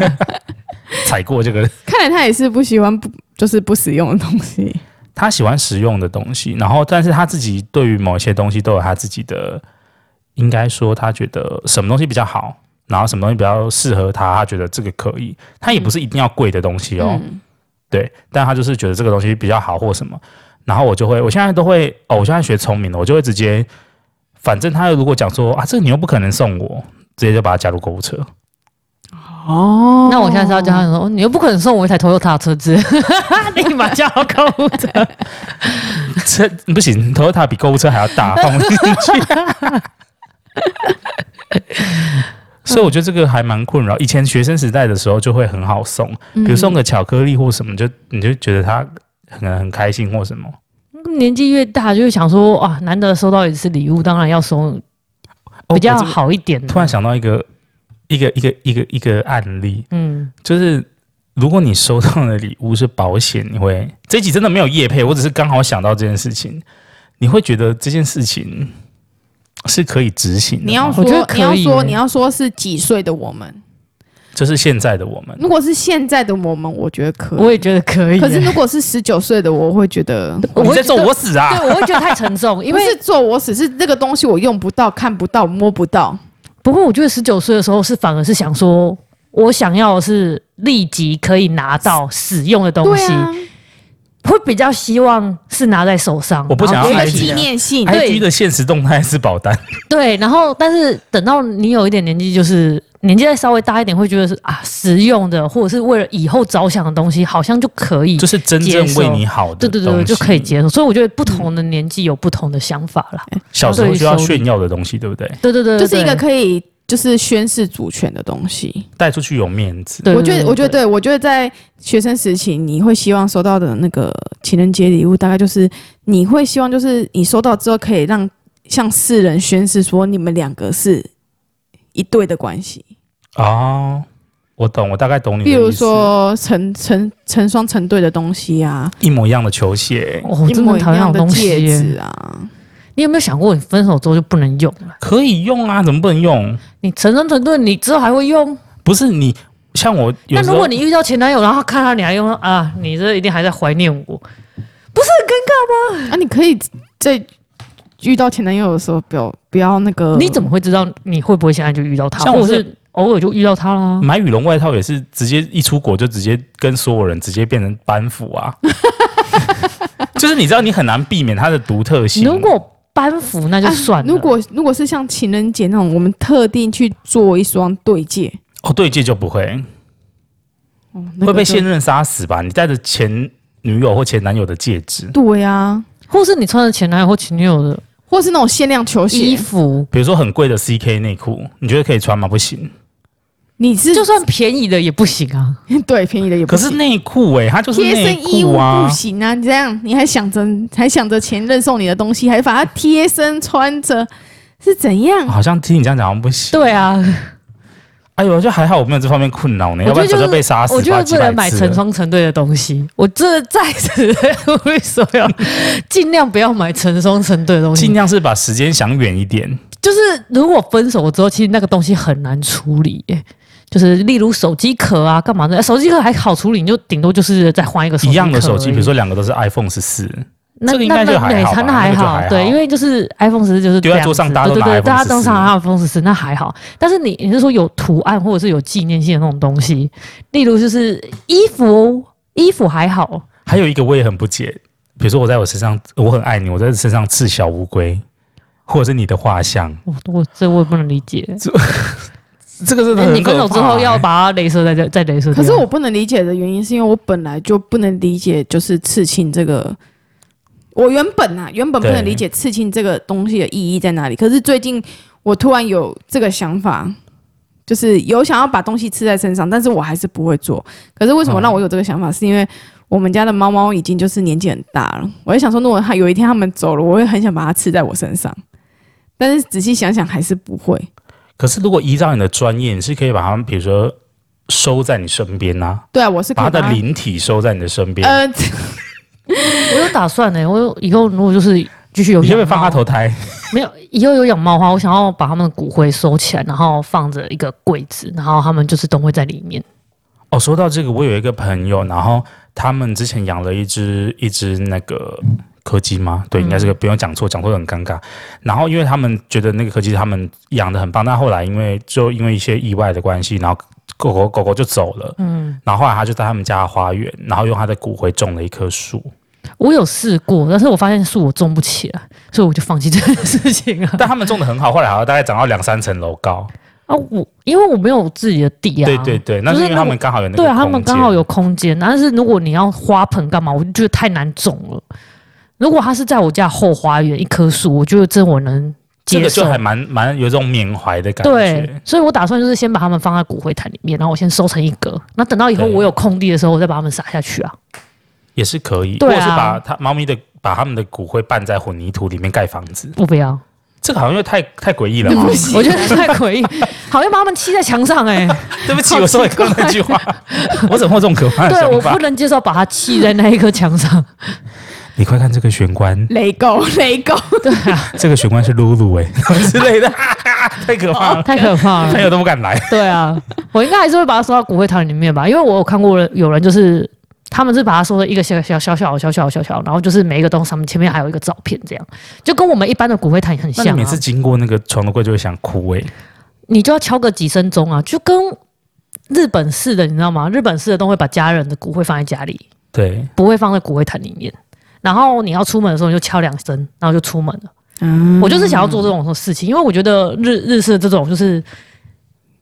<laughs> 踩過這個。 <laughs>
看來他也是不喜歡不就是不實用的東西。
他喜歡實用的東西，然後但是他自己對於某些東西都有他自己的，應該說他覺得什麼東西比較好。然後什麼東西比較適合他，他覺得這個可以，他也不是一定要貴的東西哦，嗯。對，但他就是覺得這個東西比較好或什麼，然後我就會，我現在都會，哦，我現在學聰明了，我就會直接，反正他如果講說啊，這個你又不可能送我，直接就把它加入購物車。
哦，那我現在是要教他說，你又不可能送我一台 Toyota 車子，立馬加入購物車。車， <laughs> 不
行，Toyota 比購物車還要大，放不進去。哈哈
哈哈哈哈所以我
覺得這個還蠻困擾、嗯。以前學生時代的時候就會很好送，比如送個巧克力或什麼，嗯、就你就覺得他很很開心或什麼。
年紀越大，就會想說哇、啊，難得收到一次禮物，當然要送
比較好一點 okay。突然想到一個一個一個一個一個案例，嗯，就是如果你收到的禮物是保險，你會，這集真的沒有業配，我只是剛好想到這件事情，你會覺得這件事情。是可以執行的。你要說，我你要說，你
要說是幾歲的我們，
這、就是現在的我
們。如果是現在的我們，我覺得可以，我也覺得可以。可是如果是十九歲的，我會覺得我覺得我在咒我死啊！對，我會覺得太沉重， <laughs> 因為是咒我死，是那個東西我用不到、看不到、摸不到。
不過我覺得十九歲的時候是反而是想說，我想要的是立即可以拿到使用的東西。會比較希望是拿在手上，我不想要紀念性。IG 的限
時動態是保單，
對。然後，但是等到你有一點年紀，就是年紀再稍微大一點，會覺得是啊，實用的或者是為了以後着想的東西，好像就可以，就是真正為你好的東西，對對對，嗯、就可以接受。所以我覺得不同
的年紀有不同的想法啦。小時候就要炫
耀的東西，對不對？對對
對，對，對對對，就是一個可以。就是宣示主權的東西，
帶出去有面子。對對對對，我覺得，我
覺得對，對我覺得，在學生時期，你會希望收到的那個情人節禮物，大概就是你會希望，就是你收到之後可以讓向世人宣示說你們兩個是一對的關係。
哦，我懂，我大概懂你的意思。比如說
成成成雙成對的東西啊，
一模一樣的球鞋，
哦、一模一樣的戒指啊。
你有沒有想過，你分手之後就不能用了，啊。可以用啊，怎麼不能用？你成雙成對，你之後還會用？不是你像我，那如果你遇到前男友，然後看他你還用啊，你這一定還在懷念我，
不是很尷尬嗎？啊，你可以在遇到前男友的時候，不要不要那個。你怎麼會知道你會不會現在就遇到他？像我是，是
偶爾就遇到他了，啊。
買羽絨外套也是直接一出國就直接跟所有人直接變成班服啊！ <laughs> <laughs> 就是你知道，你很難避免他的獨特性。如
果班服那就算了、啊。如果如果是像情人節那種，我們特定去做一雙對戒。
哦，對戒就不會，哦那個、會被現任殺死吧？你戴著前女友或前男友的戒指？
對呀、啊，或是
你穿着前男友或前女友的，或是那種限量球鞋、衣服。
比如說很貴的 CK 內褲，你覺得可以穿嗎？不行。
你是就算便
宜的也不行啊！
<laughs> 對，便宜的也
不行。可是內褲哎，它就是貼、啊、身衣物啊，不行
啊！你這樣，你還想着還想着前任送你的東西，還把它貼身穿着，是怎樣？好
像聽你這樣講，好像不行。對啊。哎呦，就還好我沒有這方面困擾呢，我就、就是，要不然就要被殺死我就、就是了。我就得 <laughs> 不能買成
雙成對的東西，我這在此我必須要盡量不要買成雙成對的東西，盡量是把時間想遠一點。就是如果分手了之後，其實那個東西很難處理、欸，就是例如手機殼啊，幹嘛的？手機殼還好處理，你就頂多就是再換一個手機一樣的手機。比如說
兩個都是 iPhone 十四，
那那那那還好，那個還好，對對，對，因為就是 iPhone 十四就是丟在桌上，大家都拿。對對對，大家正常拿 iPhone 十四，那還好。但是你你是說有圖案或者是有紀念性的那種東西？例如就是衣服，衣服還好。
還有一個我也很不解，比如說我在我身上，我很愛你，我在身上刺小烏龜，或者是你的畫像。
我，我這我也不能理解。 <laughs> 這個是你分手之後要把它雷射在這。再雷射，可是我
不能理解的原因是因為我本來就不能理解就是刺青這個。我原本啊原本不能理解刺青這個東西的意義在哪裡。可是最近我突然有這個想法，就是有想要把東西刺在身上，但是我還是不會做。可是為什麼讓我有這個想法？是因為我們家的貓貓已經就是年紀很大了。我就想說，如果它有一天它們走了，我會很想把它刺在我身上。但是仔細想想還是不會。
可是，如果依照你的專業，你是可以把它們，比如說收在你身邊啊？
對啊，我是
他把它的靈
體收在你的身邊。
嗯、呃， <laughs> <laughs> 我有打算呢。我有以後如果就是繼續有，你會不會放它投胎？沒有，以後有養貓的話， <laughs> 我想要把他們的骨灰收起來，然後放着一個櫃子，然後他們就是都會在裡面。
哦，說到這個，我有一個朋友，然後他們之前養了一隻一隻那個。柯基嗎？對，應該是個，不用講錯，講、嗯、錯很尷尬。然後，因為他們覺得那個柯基他們養的很棒，但後來因為就因為一些意外的關係，然後狗，狗狗狗狗就走了。嗯，然後後來他就在他們家花園，然後用他的骨灰種了一棵樹。
我有試過，但是我發現樹我種不起來，所以我就放棄這
件事情啊。 <laughs> 但他們種的很好，後來好像大概長到兩三層樓高
啊。我因為我沒有自己的地啊，對對對，那是因為他們剛好有那個、就是那個。對啊，他們剛好有空間。但是如果你要花盆幹嘛，我就覺得太難種了。如果它是在我家後花園一棵樹，我覺得這我能接受。這個就還
蠻蠻有這種緬懷的感覺。對，
所以我打算就是先把它們放在骨灰壇裡面，然後我先收成一格。那等到以後我有空地的時候，我再把它們撒下去啊。
也是可以，對啊，或者是把它貓咪的把它們的骨灰拌在混凝土裡面蓋房子。我不要，這個好像又太太詭異了。我覺得太詭
異，好像把它們砌在牆上哎。對不起， <laughs> 我，欸、 <laughs> 對不起，我說了一個那句話，
我怎麼會這麼可怕？對，我不能
接受，把它砌在那一棵牆上。
你快看這個玄關，
雷狗雷狗，對啊，
這個玄關是露露哎，
之類的、啊啊，太可怕了，太可怕了，朋友都不敢來。對啊，我應該還是會把它收到骨灰罈裡面吧，因為我有看過了，有人就是他們是把它收到一個小，小小小小小小小小，然後就是每一個東西上面前面還有一個照片，這樣就跟我們一般的骨灰罈也很像、啊。那你每次
經過那個床頭櫃就會想哭哎、欸，
你就要敲個幾聲鐘啊，就跟日本式的你知道嗎？日本式的都會把家人的骨灰放在家裡，
對，
不會放在骨灰罈裡面。然後你要出門的時候你就敲兩聲，然後就出門了。嗯，我就是想要做這種事情，因為我覺得日日式的這種就是，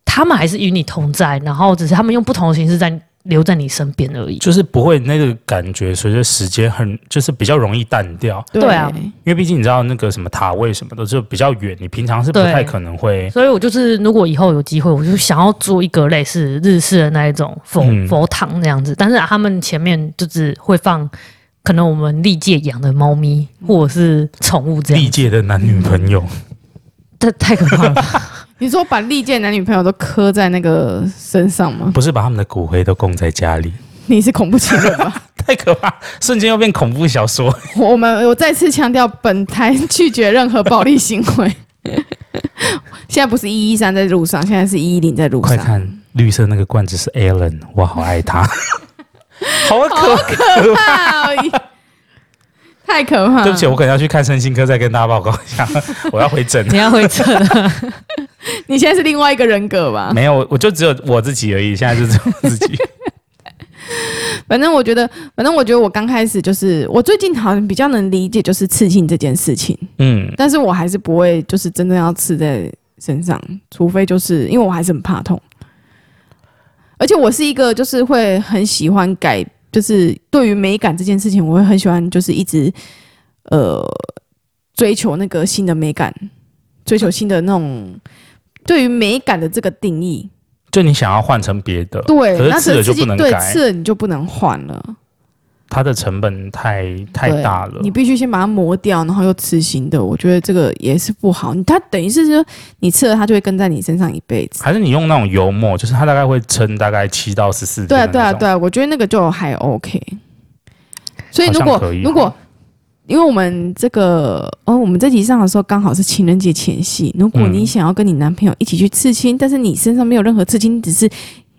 他們還是與你同在，然後只是他們用不同的形式在留在你身邊而
已。就是不會那個感覺隨着時間很，就是比較容易淡掉。對啊，因為畢竟你知道那個什麼塔位什麼的就比較遠，你平常是不太可能會。所
以我就是如果以後有機會，我就想要做一個類似日式的那一種佛佛堂那樣子，但是他們前面就是會放。可能我們歷屆養的貓咪，或者是寵物這樣。歷
屆的男女朋友，
<laughs> <laughs> 這太可怕了吧！你說把歷屆男女朋友都磕在那個身上嗎？
不是，把他們的骨灰都供在家裡。
<laughs> 你是恐怖情人嗎？
<laughs> 太可怕，瞬間又變恐怖小說。
<laughs> 我們我再次強調，本台拒絕任何暴力行為。 <laughs> 現在不是一一三在路上，現在是一一零在路上。快看，
綠色那個罐子是 Allen，我好愛他。 <laughs>
好可怕，可怕哦、 <laughs> 太可怕了！對不起，我
可能要去看身心科，再跟大家報告一下。我要回診， <laughs> 你要回診
<laughs> 你現在是另外一個人格吧？沒
有，我就只有我自己而已。現在就是自己。
<laughs> 反正我覺得，反正我覺得，我剛開始就是，我最近好像比較能理解，就是刺青這件事情。嗯，但是我還是不會，就是真的要刺在身上，除非就是因為我還是很怕痛，而且我是一個就是會很喜歡改。就是對於美感這件事情，我會很喜歡，就是一直，呃，追求那個新的美感，追求新的那種對於美感的這個定義。
就你想要換成別的，對，可是次的就不能改，次的
你就不能換了。
它的成本太太大了，你
必須先把它磨掉，然後又刺新的，我覺得這個也是不好。它等於是說，你刺了它就會跟在你身上一輩子。
還是你用那種油墨，就是它大概會撐大概七到十四天。對啊，對啊，對
啊，我覺得那個就還 OK。所以如果以、啊、如果，因為我們這個哦，我們這集上的時候剛好是情人節前夕，如果你想要跟你男朋友一起去刺青，嗯、但是你身上沒有任何刺青，只是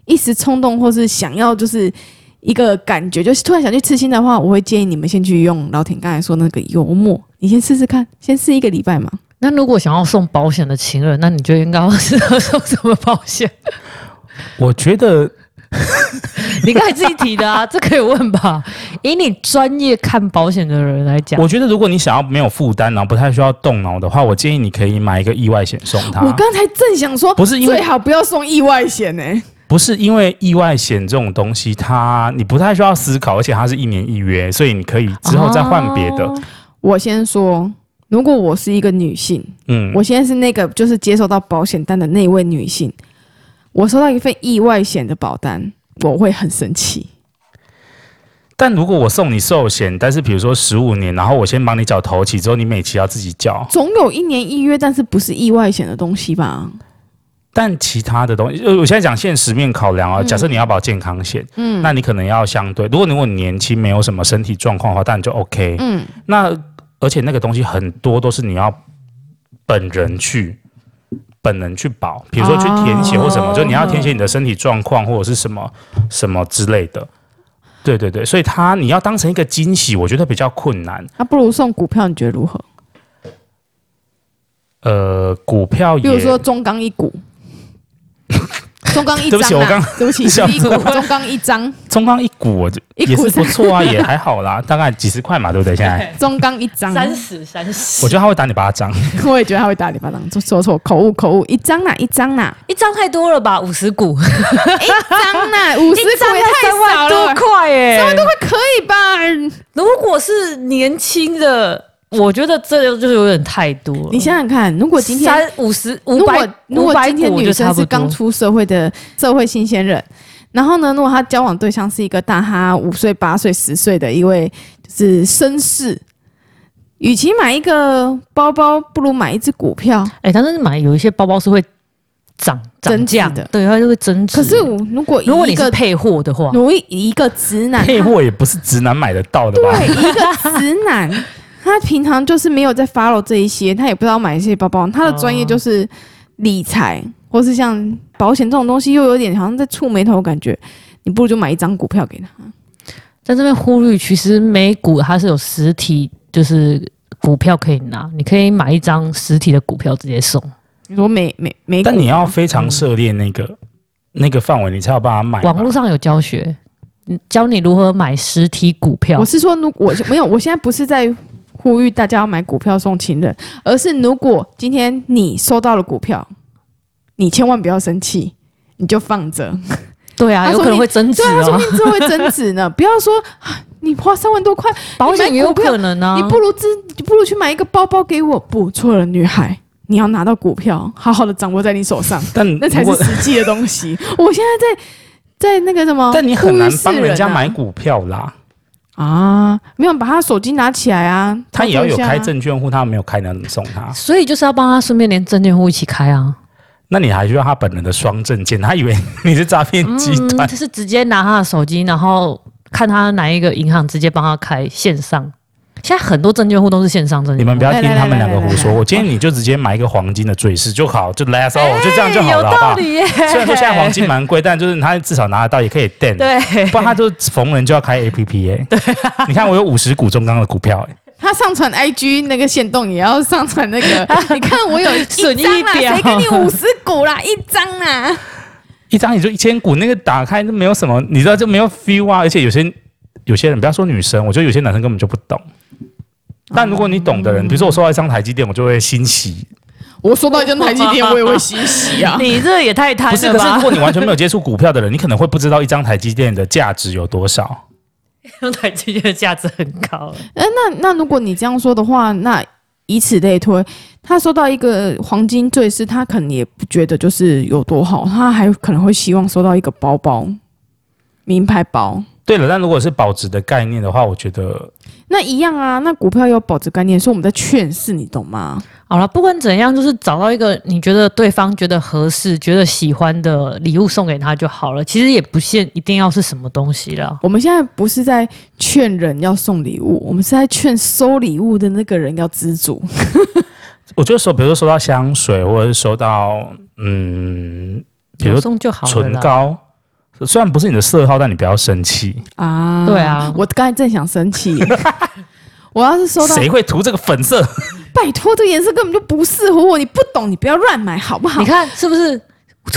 一時衝動或是想要就是。一個感覺，就是突然想去刺青的話，我會建議你們先去用老田剛才說那個油墨，你先試試看，先試一個禮拜嘛。那如果想要送保險的情人，那你就應該要適合
送什麼保險？
我覺
得， <laughs> 你剛才自己提的啊， <laughs> 這可以問吧？以你專業看保險的人來講，我覺
得如果你想要沒有負擔，然後不太需要動腦的話，我建議你可以買一個意外險送他。我
剛才正想說，不是，最好不要送意外險呢、欸。
不是因為意外險這種東西，它你不太需要思考，而且它是一年一約，所以你可以之後再換別的、啊。
我先說，如果我是一個女性，嗯，我現在是那個就是接收到保險單的那位女性，我收到一份意外險的保單，我會很生氣。
但如果我送你壽險，但是比如說十五年，然後我先幫你繳頭期，之後你每期要自己繳，
總有一年一約，但是不是意外險的東西吧？
但其他的東西，我現在講現實面考量哦。假設你要保健康險，嗯，那你可能要相對，如果你年輕沒有什麼身體狀況的話，當然就 OK，嗯。那而且那個東西很多都是你要本人去本人去保，比如說去填寫或什麼、啊，就你要填寫你的身體狀況或者是什麼、嗯、什麼之類的。對對對，所以他你要當成一個驚喜，我覺得比較困難。
那、啊、不如送股票，你覺得如何？
呃，股票，比如說
中鋼一股。中鋼一張，對不起我剛，對不起，中鋼一張，中鋼一,一
股就、啊，一股是不錯啊，也還好啦，大概幾十塊嘛，對不對？現在
中鋼一張，三十，三十，我
覺得他會打你巴掌，
我也覺得他會打你巴掌，說錯，口誤，口誤，一張啊，一張啊，
一張太多了吧，五十股，
<laughs> 一張吶，五十股也太少 <laughs> 多塊
哎，三萬多塊可以吧？如果是年輕的。我覺得這就就是有點太多了。你想
想看，如果今天五十五百五百，如果今天女生是剛出社會的社會新鮮人，然後呢，如果她交往對象是一個大她五歲、八歲、十歲的，一位就是紳士，與其買一個包包，不如買一只股票。哎，但是買有一些包包是會漲漲價的，對，它就會增值。可是如果一個如果你是配貨的話，如果一個直男，配貨也
不是直男買得到的吧、啊？對，一
個直男。 <laughs> 他平常就是沒有在 follow 這一些，他也不知道買一些包包。他的專業就是理財，或是像保險這種東西，又有點好像在觸霉頭的感覺。你不如就買一張股票給他，
在這邊呼籲，其實美股它是有實體，就是股票可以拿，你可以買一張實體的股票直接送。如果每每每、啊，但你要非常
涉獵那個、嗯、那個範圍，你才有辦法買。網
絡上有教學，教你如何買實體股
票。我是說如我，我就沒有，我現在不是在。 <laughs> 呼籲大家要買股票送情人，而是如果今天你收到了股票，你千萬不要生氣，你就放着。
對啊他，有可能會增值、啊。對，啊，說不定之後會增值
呢。 <laughs> 不要說、啊、你花三萬多塊，保險也有可能啊。你不如之，你不如去買一個包包給我。不錯的女孩，你要拿到股票，好好的掌握在你手上，但那才是實際的東西。我, <laughs> 我現在在在那個什麼，但你很難幫人家買
股票啦。
啊，沒有，把他手機拿起來啊。他也要有開證
券戶，他沒有開，你要怎麼送他？
所以就是要幫他順便連證券戶一起開啊。
那你還需要他本人的雙證件，他以為你是詐騙集團。就、嗯、是
直接拿他的手機，然後看他哪一個銀行，直接幫他開線上。現在很多證券戶都是線上證券，你們不要聽他們兩個
胡說、哎哎哎哎哎哎哎哎。我建議你就直接買一個黃金的墜飾就好，就 last all 就這樣就好了。有道理耶，好不好？雖然說現在黃金蠻貴，但就是他至少拿得到，也可以 d o 對，不然他就是逢人就要開 app、欸、哎。你看我有五十股中鋼的股票哎、
欸。他上傳 IG 那個限動也要上傳那個、啊，你看我有損益張了，誰給你五十股啦？一張啊，
一張也就一千股，那個打開就沒有什麼，你知道就沒有 feel 啊，而且有些。有些人不要說女生，我覺得有些男生根本就不懂。但如果你懂的人，嗯、比如說我收到一張台積電，我就會欣喜；
我收到一張台積電，我也會欣喜啊。媽媽媽，你這也太貪了吧。不是，可是如果你完全沒有
接觸股票的人， <laughs> 你可能會不知道一張台積電的價值有多
少。台積電的價值很高。
哎、欸，那那如果你這樣說的話，那以此類推，他收到一個黃金墜飾，他可能也不覺得就是有多好，他還可能會希望收到一個包包，名牌包。對
了，但如果是保值的概念的話，我覺得
那一樣啊。那股票有保值概念，所以我們在勸世，你懂嗎？好了，不管怎樣，就是找到一個你覺得對方覺得合適、
覺得喜歡的禮物送給他就好了。其實也不限一定要是什麼東西了。
我們現在不是在勸人要送禮物，我們是在勸收禮物的那個人要知足。
<laughs> 我覺得說，比如說收到香水，或者是收到，嗯，比如送就好了，唇膏。雖然不是你的色號，但你不要生氣
啊！對啊，我剛才正想生氣， <laughs> 我要是收到誰
會塗這個粉色？
拜託，這個顏色根本就不適合我，你不懂，你不要亂買好不好？你看是不是？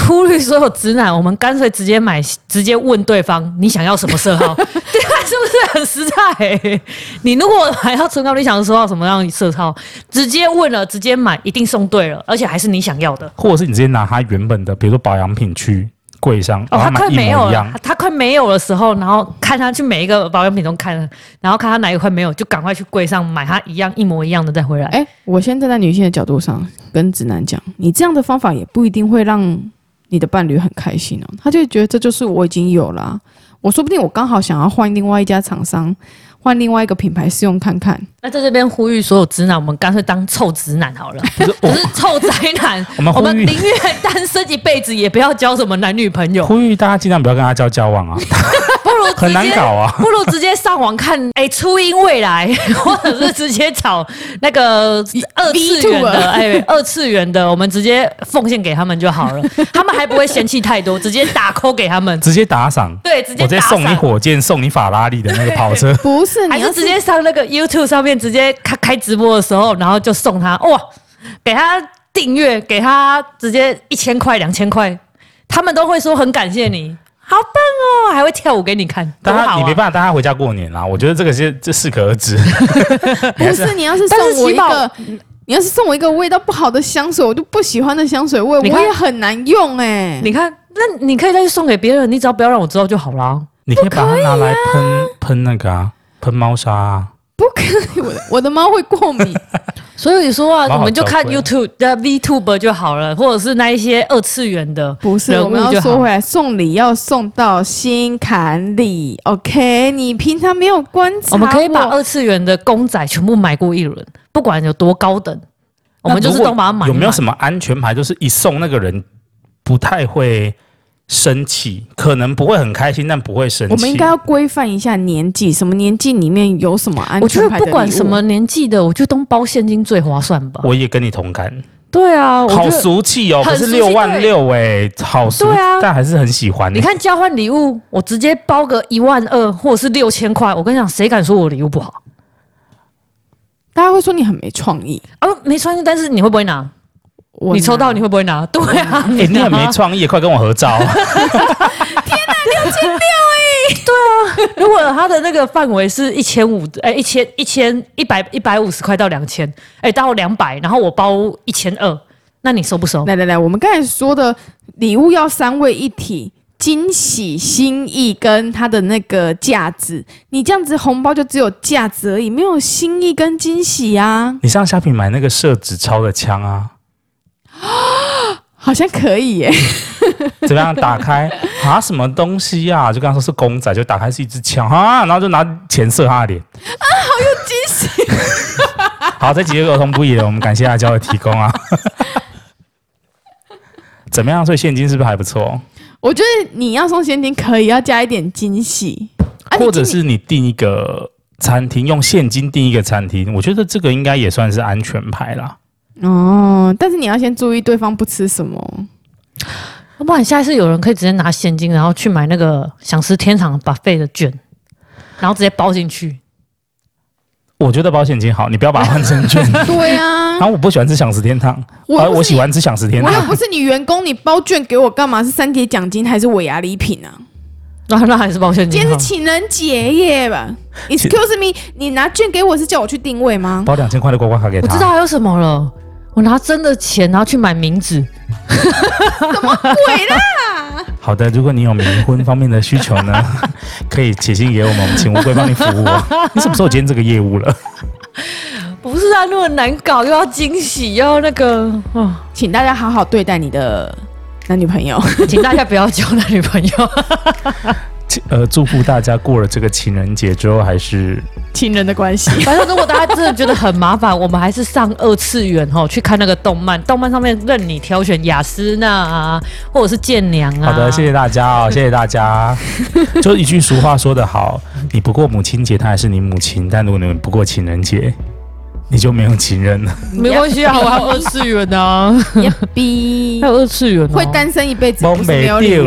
呼籲所有直男，我們乾脆直接買，直接問對方你想要什麼色號？ <laughs> 對啊，是不是很實在？你如果還要唇膏，你想收到什麼樣的色號，直接問了，直接買，一定送對了，而且還是你想要的。或
者是你直接拿它原本的，比如說保養品區，櫃上、啊、哦，他快沒有了一一
他。他快沒有的時候，然後看他去每一個保養品中看，然後看他哪一塊沒有，就趕快去櫃上買，他一樣一模一樣的再
回來。哎、欸，我先站在女性的角度上跟直男講，你這樣的方法也不一定會讓你的伴侶很開心哦、喔。他就覺得這就是我已經有了，啊，我說不定我剛好想要換另外一家廠商。換另外一個品牌，試用看看。那在這邊呼籲所有直男，
我們乾脆當臭直男好了，不是、哦就是、臭宅男。 <laughs> 我們寧願單身一輩子，也不要交什麼男女朋友。呼
籲大家儘量不要跟他交交往啊。 <laughs>
很難搞啊！不如直接上網看，哎、欸，初音未來，或者是直接找那個二次元的，哎、啊，二、欸、次元的，我們直接奉獻給他們就好了， <laughs> 他們還不會嫌棄太多，直接打 call 給他們，
直接打賞，對，直接打賞，直接送你火箭，送你法拉利的那個跑車，不是，你
是，還是直接上那個 YouTube 上面，直接開開直播的時候，然後就送他，哇，給他訂閱，給他直接一千塊、兩千塊，他們都會說很感謝你。嗯好棒哦，還會跳舞給你看，當然、啊、你沒
辦法帶他回家過年啦、啊。我覺得這個是這適可而止。
<laughs> <laughs> 不是，你要是送我一個，你要是送我一個味道不好的香水，我都不喜歡的香水味，我也很難
用哎、欸。你看，那你可以再去送給別人，你只要不要讓我知道就好啦。可啊、你可以把它拿來
噴噴那個，噴貓砂啊。
我，我的貓會過敏 <laughs> ，
所以說話、啊、我們就看
YouTube 的 VTuber 就好了，或者是那一些二次元的。不是，我們要說回
來，送禮要送到心坎裡。OK，你平常沒有關係，我們可以把二次元的公仔全部買過一輪，不管
有多高等，我們就是都把它買。有沒有什
麼安全牌？就是一送那個人不太會。生氣可能不會很開心，但不會生氣。我們應該要
規範一下年紀，什麼年紀裡面有什麼安全感？我覺得不管什麼年紀的，我就都包現
金最划算吧。
我也跟你同感。
對啊，好俗
氣哦，還是六萬六哎，好俗氣啊！但還是很喜歡、欸。你看
交換禮物，我直接包個一萬二，或者是六千塊。我跟你講，誰敢說我禮物不好？大家會說你很沒創意啊，沒創意。但是你會不會拿？你抽到你會不會拿？拿，對啊，嗯欸、你你很沒
創意，快跟我合照，
啊 <laughs> <laughs> 天啊。天哪，六千六，哎！對啊，如果他的那個範圍是一千五，哎，一千一千一百一百五十塊到兩千，
哎，到兩百，然後我包一千二，那你收不收？來來來，我們剛才說的禮物要三位一體，驚喜、心意跟他的那個價值。你這樣子紅包就只有價值而已，沒有心意跟驚喜啊！你
上蝦皮買那個射紙鈔的槍啊？
啊、哦，好像可以耶！怎麼樣，打開
啊？什麼東西呀、啊？就剛說是公仔，就打開是一支槍啊，然後就拿錢射他的臉
啊！好有驚喜！
<laughs> 好，這幾個兒童不宜 <laughs> 我們感謝阿嬌的提供啊。 <laughs> 怎麼樣？所以現金是不是還不錯？
我覺得你要送現金可以，要加一點驚喜，
或者是你訂一個餐廳，用現金訂一個餐廳，我覺得這個應該也算是安全牌啦。
哦，但是你要先注意對方不吃什麼，
我不然下一次有人可以直接拿現金，然後去買那個饗食天堂 buffet 的券，然後直接包進去。
我覺得包現金好，你不要把它換成券。 <laughs>
對啊，
然 <laughs> 後、啊、我不喜歡吃饗食天堂，我、呃、我喜歡吃饗食天堂。我又不
是你員工，你包券給我幹嘛？是三節獎金還是尾牙禮品啊？那 <laughs> 那還是包現金。今天是情人節耶吧？Excuse me，你拿券給我是叫我去定位嗎？
包兩千塊的刮刮卡給他。我知道還有什麼了。我拿真的錢，然後去買名字，
<laughs>
什麼鬼啦？
好的，如果你有冥婚方面的需求呢， <laughs> 可以寫信給我們，我們請我會幫你服務，哦。 <laughs> 你什麼時候兼這個業務了？
不是啊，那麼難搞，又要驚喜，又要那個哦，請大家好好對待你的男女朋友，請大家不要交男女朋友。 <laughs>
呃，祝福大家過了這個情人節之後還是
情人的關係。反正如果大家真的覺得很麻煩， <laughs> 我們還是上二次元、哦、去看那個動漫，動漫上面任你挑選雅斯娜啊，或者是健良啊。好的，謝
謝大家、哦，謝謝大家。就一句俗話說得好，你不過母親節，他還是你母親；但如果你不過情人節，你就沒有情人
了。沒關係啊，我還有二次元呢、啊。逼，有二次元、哦、會單身一輩子，喔、沒有理由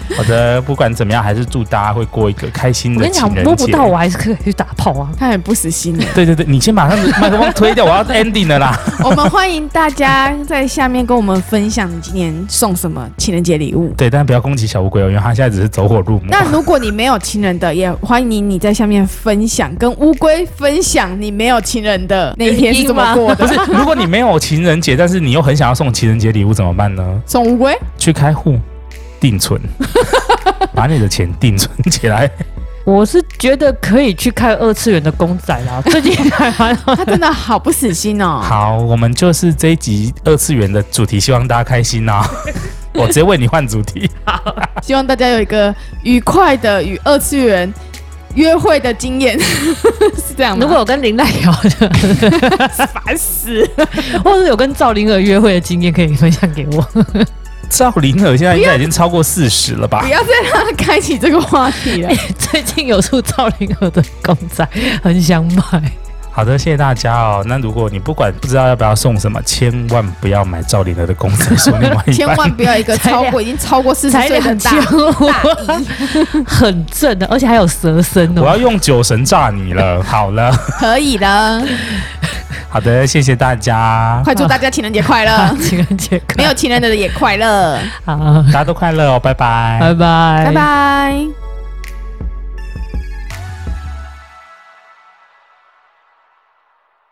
好的，不管怎麼樣，還是祝大家會過一個開心的情人節。我跟你講，摸不到我
還是
可以去打炮啊，
他很不死心。
對對對，你先把他的麥克風推掉，我要 ending 了
啦。 <laughs> 我們歡迎大家在下面跟我們分享你今年送什麼情人節禮物。
對，但是不要攻擊小烏龜哦，因為他現在只是走火入魔。 <laughs> 那
如果你沒有情人的，也歡迎你在下面分享，跟烏龜分享你沒有情人的那 <laughs> 天是怎麼過的。 <laughs> 不是，如
果你沒有情人節，但是你又很想要送情人節禮物怎麼辦呢？
送烏龜？
去開戶。定存， <laughs> 把你的錢定存起來 <laughs> 。
我是覺得可以去看二次元的公仔啦，最近還還好。他真的
好不死心哦、喔。 <laughs>
好，我們就是這一集二次元的主題，希望大家開心吶、喔。
我直接
為你換主題 <laughs> ，
希望大家有一個愉快的與二次元約會的經驗。 <laughs> 是這樣嗎？如果我跟林聊的煩死。
或者有跟趙靈兒約會的經驗，可以分享給我。 <laughs>
趙靈兒現在應該已經超過四十了吧？不，不
要再
讓他開啟這個話題了。欸，
最近有出趙靈兒的公仔，很想買。
好的，謝謝大家哦。那如果你不管不知道要不要送什麼，千萬不要買趙麗娜的公仔送另外一千萬
不要一個超過已經
超過四十歲大很、哦、大，
很正的，而
且還有蛇身的、哦、我要用酒神炸你了。好了，
可以了。
好的，謝謝大家。快祝大
家情人節快樂！啊、情人節快樂，沒有情人的人也快樂。
好，大家都快樂哦，拜拜，拜拜，拜拜。拜
拜